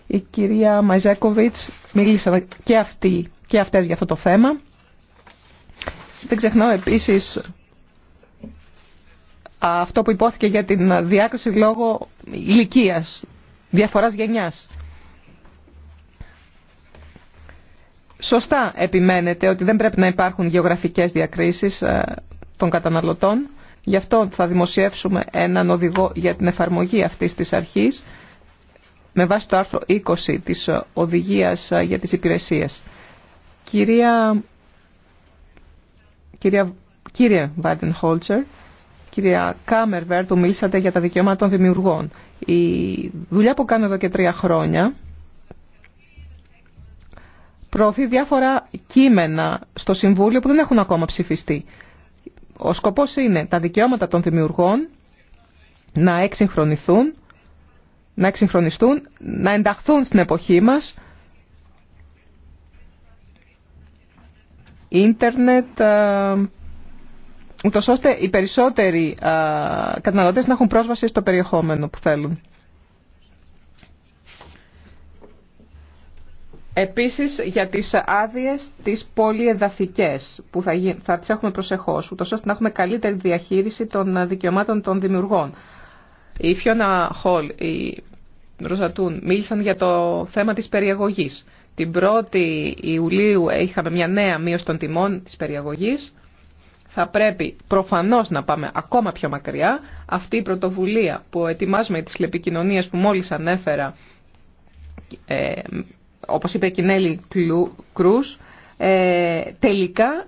η κυρία Μαϊζέκοβιτς μίλησαν και, και αυτές για αυτό το θέμα. Δεν ξεχνώ επίσης αυτό που υπόθηκε για την διάκριση λόγω ηλικίας, διαφοράς γενιάς. Σωστά επιμένετε ότι δεν πρέπει να υπάρχουν γεωγραφικές διακρίσεις ε, των καταναλωτών. Γι' αυτό θα δημοσιεύσουμε έναν οδηγό για την εφαρμογή αυτής της αρχής με βάση το άρθρο 20 της Οδηγίας ε, για τις Υπηρεσίες. Κυρία κυρία, κύριε Βάιντεν Χόλτσερ, κυρία Κάμερβερ που μίλησατε για τα δικαιώματα των δημιουργών. Η δουλειά που κάνω εδώ και τρία χρόνια προωθεί διάφορα κείμενα στο Συμβούλιο που δεν έχουν ακόμα ψηφιστεί. Ο σκοπός είναι τα δικαιώματα των δημιουργών να εξυγχρονιστούν, να, εξυγχρονιστούν, να ενταχθούν στην εποχή μας ίντερνετ, ε, ούτως ώστε οι περισσότεροι ε, καταναλωτές να έχουν πρόσβαση στο περιεχόμενο που θέλουν. Επίσης για τις άδειες τις πολυεδαφικές που θα, θα τις έχουμε προσεχώς, ούτως ώστε να έχουμε καλύτερη διαχείριση των δικαιωμάτων των δημιουργών. Η Φιώνα Χολ, η Ροζατούν μίλησαν για το θέμα της περιεγωγής. Την 1η Ιουλίου είχαμε μια νέα μείωση των τιμών της περιαγωγής. Θα πρέπει προφανώς να πάμε ακόμα πιο μακριά. Αυτή η πρωτοβουλία που ετοιμάζουμε τις λεπικοινωνίες που μόλις ανέφερα, ε, όπως είπε και η Νέλη Κρούς, ε, τελικά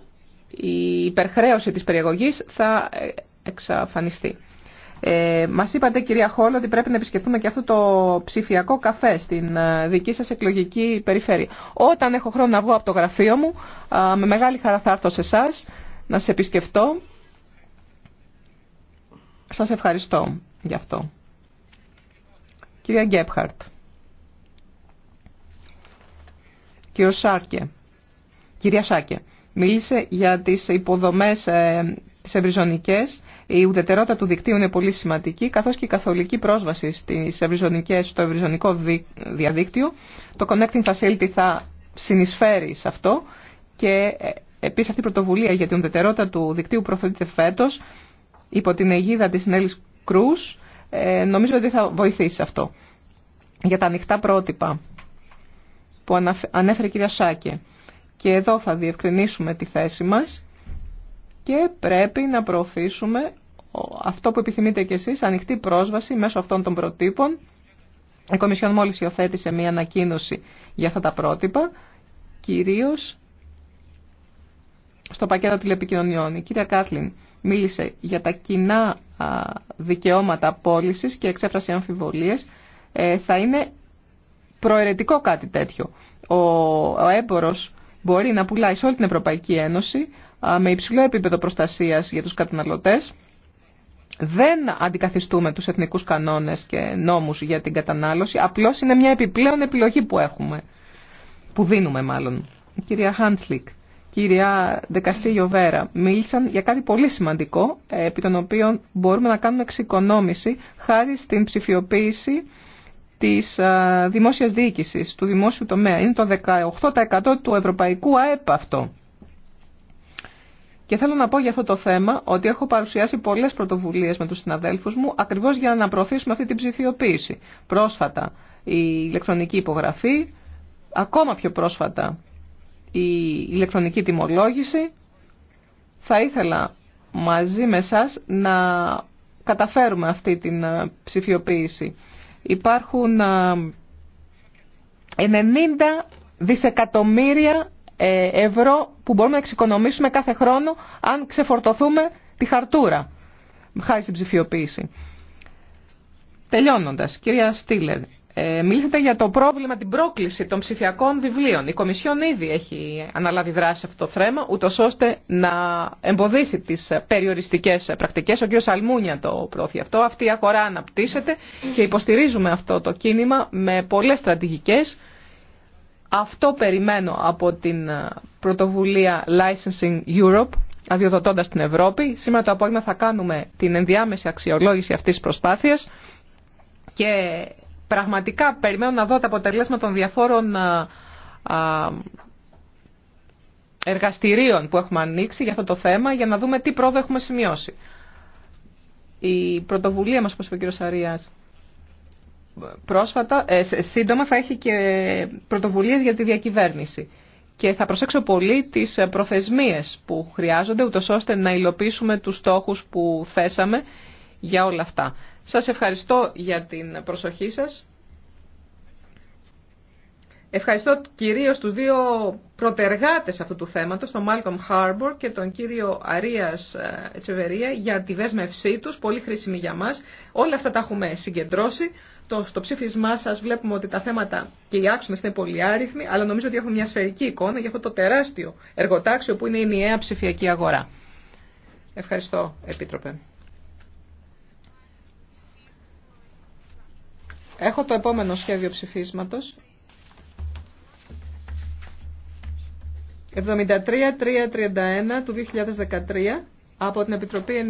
η υπερχρέωση της περιαγωγής θα ε, εξαφανιστεί. Ε, μας είπατε κυρία Χόλ ότι πρέπει να επισκεφτούμε και αυτό το ψηφιακό καφέ στην ε, δική σα εκλογική περιφέρεια. Όταν έχω χρόνο να βγω από το γραφείο μου, με μεγάλη χαρά θα έρθω σε εσά να σε επισκεφτώ. Σας ευχαριστώ γι' αυτό. Κυρία Γκέπχαρτ. Κύριο Σάρκε. Κυρία Σάκε. Μίλησε για τις υποδομές ε, τις η ουδετερότητα του δικτύου είναι πολύ σημαντική, καθώς και η καθολική πρόσβαση στις ευρυζωνικές, στο ευρυζωνικό διαδίκτυο. Το Connecting Facility θα συνεισφέρει σε αυτό και ε, επίσης αυτή η πρωτοβουλία για την ουδετερότητα του δικτύου προωθείται φέτο, υπό την αιγίδα της Νέλης Κρούς. Ε, νομίζω ότι θα βοηθήσει σε αυτό. Για τα ανοιχτά πρότυπα που ανέφερε η κυρία Σάκε. Και εδώ θα διευκρινίσουμε τη θέση μας και πρέπει να προωθήσουμε αυτό που επιθυμείτε κι εσείς, ανοιχτή πρόσβαση μέσω αυτών των προτύπων. Η Κομισιόν μόλις υιοθέτησε μία ανακοίνωση για αυτά τα πρότυπα, κυρίως στο πακέτο τηλεπικοινωνιών. Η κυρία Κάθλιν μίλησε για τα κοινά δικαιώματα πώληση και εξέφρασε αμφιβολίες. Ε, θα είναι προαιρετικό κάτι τέτοιο. Ο, ο έμπορος μπορεί να πουλάει σε όλη την Ευρωπαϊκή Ένωση με υψηλό επίπεδο προστασίας για τους καταναλωτές δεν αντικαθιστούμε τους εθνικούς κανόνες και νόμους για την κατανάλωση, απλώς είναι μια επιπλέον επιλογή που έχουμε, που δίνουμε μάλλον. κυρία Χάντσλικ, κυρία Δεκαστή Βέρα, μίλησαν για κάτι πολύ σημαντικό, ε, επί των οποίων μπορούμε να κάνουμε εξοικονόμηση χάρη στην ψηφιοποίηση της δημόσιας διοίκησης, του δημόσιου τομέα. Είναι το 18% του ευρωπαϊκού ΑΕΠ αυτό. Και θέλω να πω για αυτό το θέμα ότι έχω παρουσιάσει πολλέ πρωτοβουλίε με του συναδέλφου μου ακριβώ για να προωθήσουμε αυτή την ψηφιοποίηση. Πρόσφατα η ηλεκτρονική υπογραφή, ακόμα πιο πρόσφατα η ηλεκτρονική τιμολόγηση. Θα ήθελα μαζί με σας να καταφέρουμε αυτή την ε, ψηφιοποίηση. Υπάρχουν 90 ε, δισεκατομμύρια ε, ευρώ που μπορούμε να εξοικονομήσουμε κάθε χρόνο αν ξεφορτωθούμε τη χαρτούρα χάρη στην ψηφιοποίηση. Τελειώνοντας, κυρία Στήλερ, ε, μιλήσατε για το πρόβλημα, την πρόκληση των ψηφιακών βιβλίων. Η Κομισιόν ήδη έχει αναλάβει δράση σε αυτό το θέμα, ούτω ώστε να εμποδίσει τι περιοριστικέ πρακτικέ. Ο κ. Σαλμούνια το προωθεί αυτό. Αυτή η αγορά αναπτύσσεται και υποστηρίζουμε αυτό το κίνημα με πολλέ στρατηγικέ αυτό περιμένω από την ε, πρωτοβουλία Licensing Europe, αδειοδοτώντας την Ευρώπη. Σήμερα το απόγευμα θα κάνουμε την ενδιάμεση αξιολόγηση αυτής της προσπάθειας και πραγματικά περιμένω να δω τα αποτελέσματα των διαφόρων ε, ε, εργαστηρίων που έχουμε ανοίξει για αυτό το θέμα για να δούμε τι πρόοδο έχουμε σημειώσει. Η πρωτοβουλία μας, όπως είπε ο κ. Σαρίας, πρόσφατα, ε, σύντομα θα έχει και πρωτοβουλίες για τη διακυβέρνηση. Και θα προσέξω πολύ τις προθεσμίες που χρειάζονται, ούτως ώστε να υλοποιήσουμε τους στόχους που θέσαμε για όλα αυτά. Σας ευχαριστώ για την προσοχή σας. Ευχαριστώ κυρίως τους δύο προτεργάτες αυτού του θέματος, τον Μάλκομ Χάρμπορ και τον κύριο Αρίας Τσεβερία, για τη δέσμευσή τους, πολύ χρήσιμη για μας. Όλα αυτά τα έχουμε συγκεντρώσει το, στο ψήφισμά σα βλέπουμε ότι τα θέματα και οι άξονε είναι πολύ άριθμοι, αλλά νομίζω ότι έχουμε μια σφαιρική εικόνα για αυτό το τεράστιο εργοτάξιο που είναι η νέα ψηφιακή αγορά. Ευχαριστώ, Επίτροπε. Έχω το επόμενο σχέδιο ψηφίσματος. 73-331 του 2013 από την Επιτροπή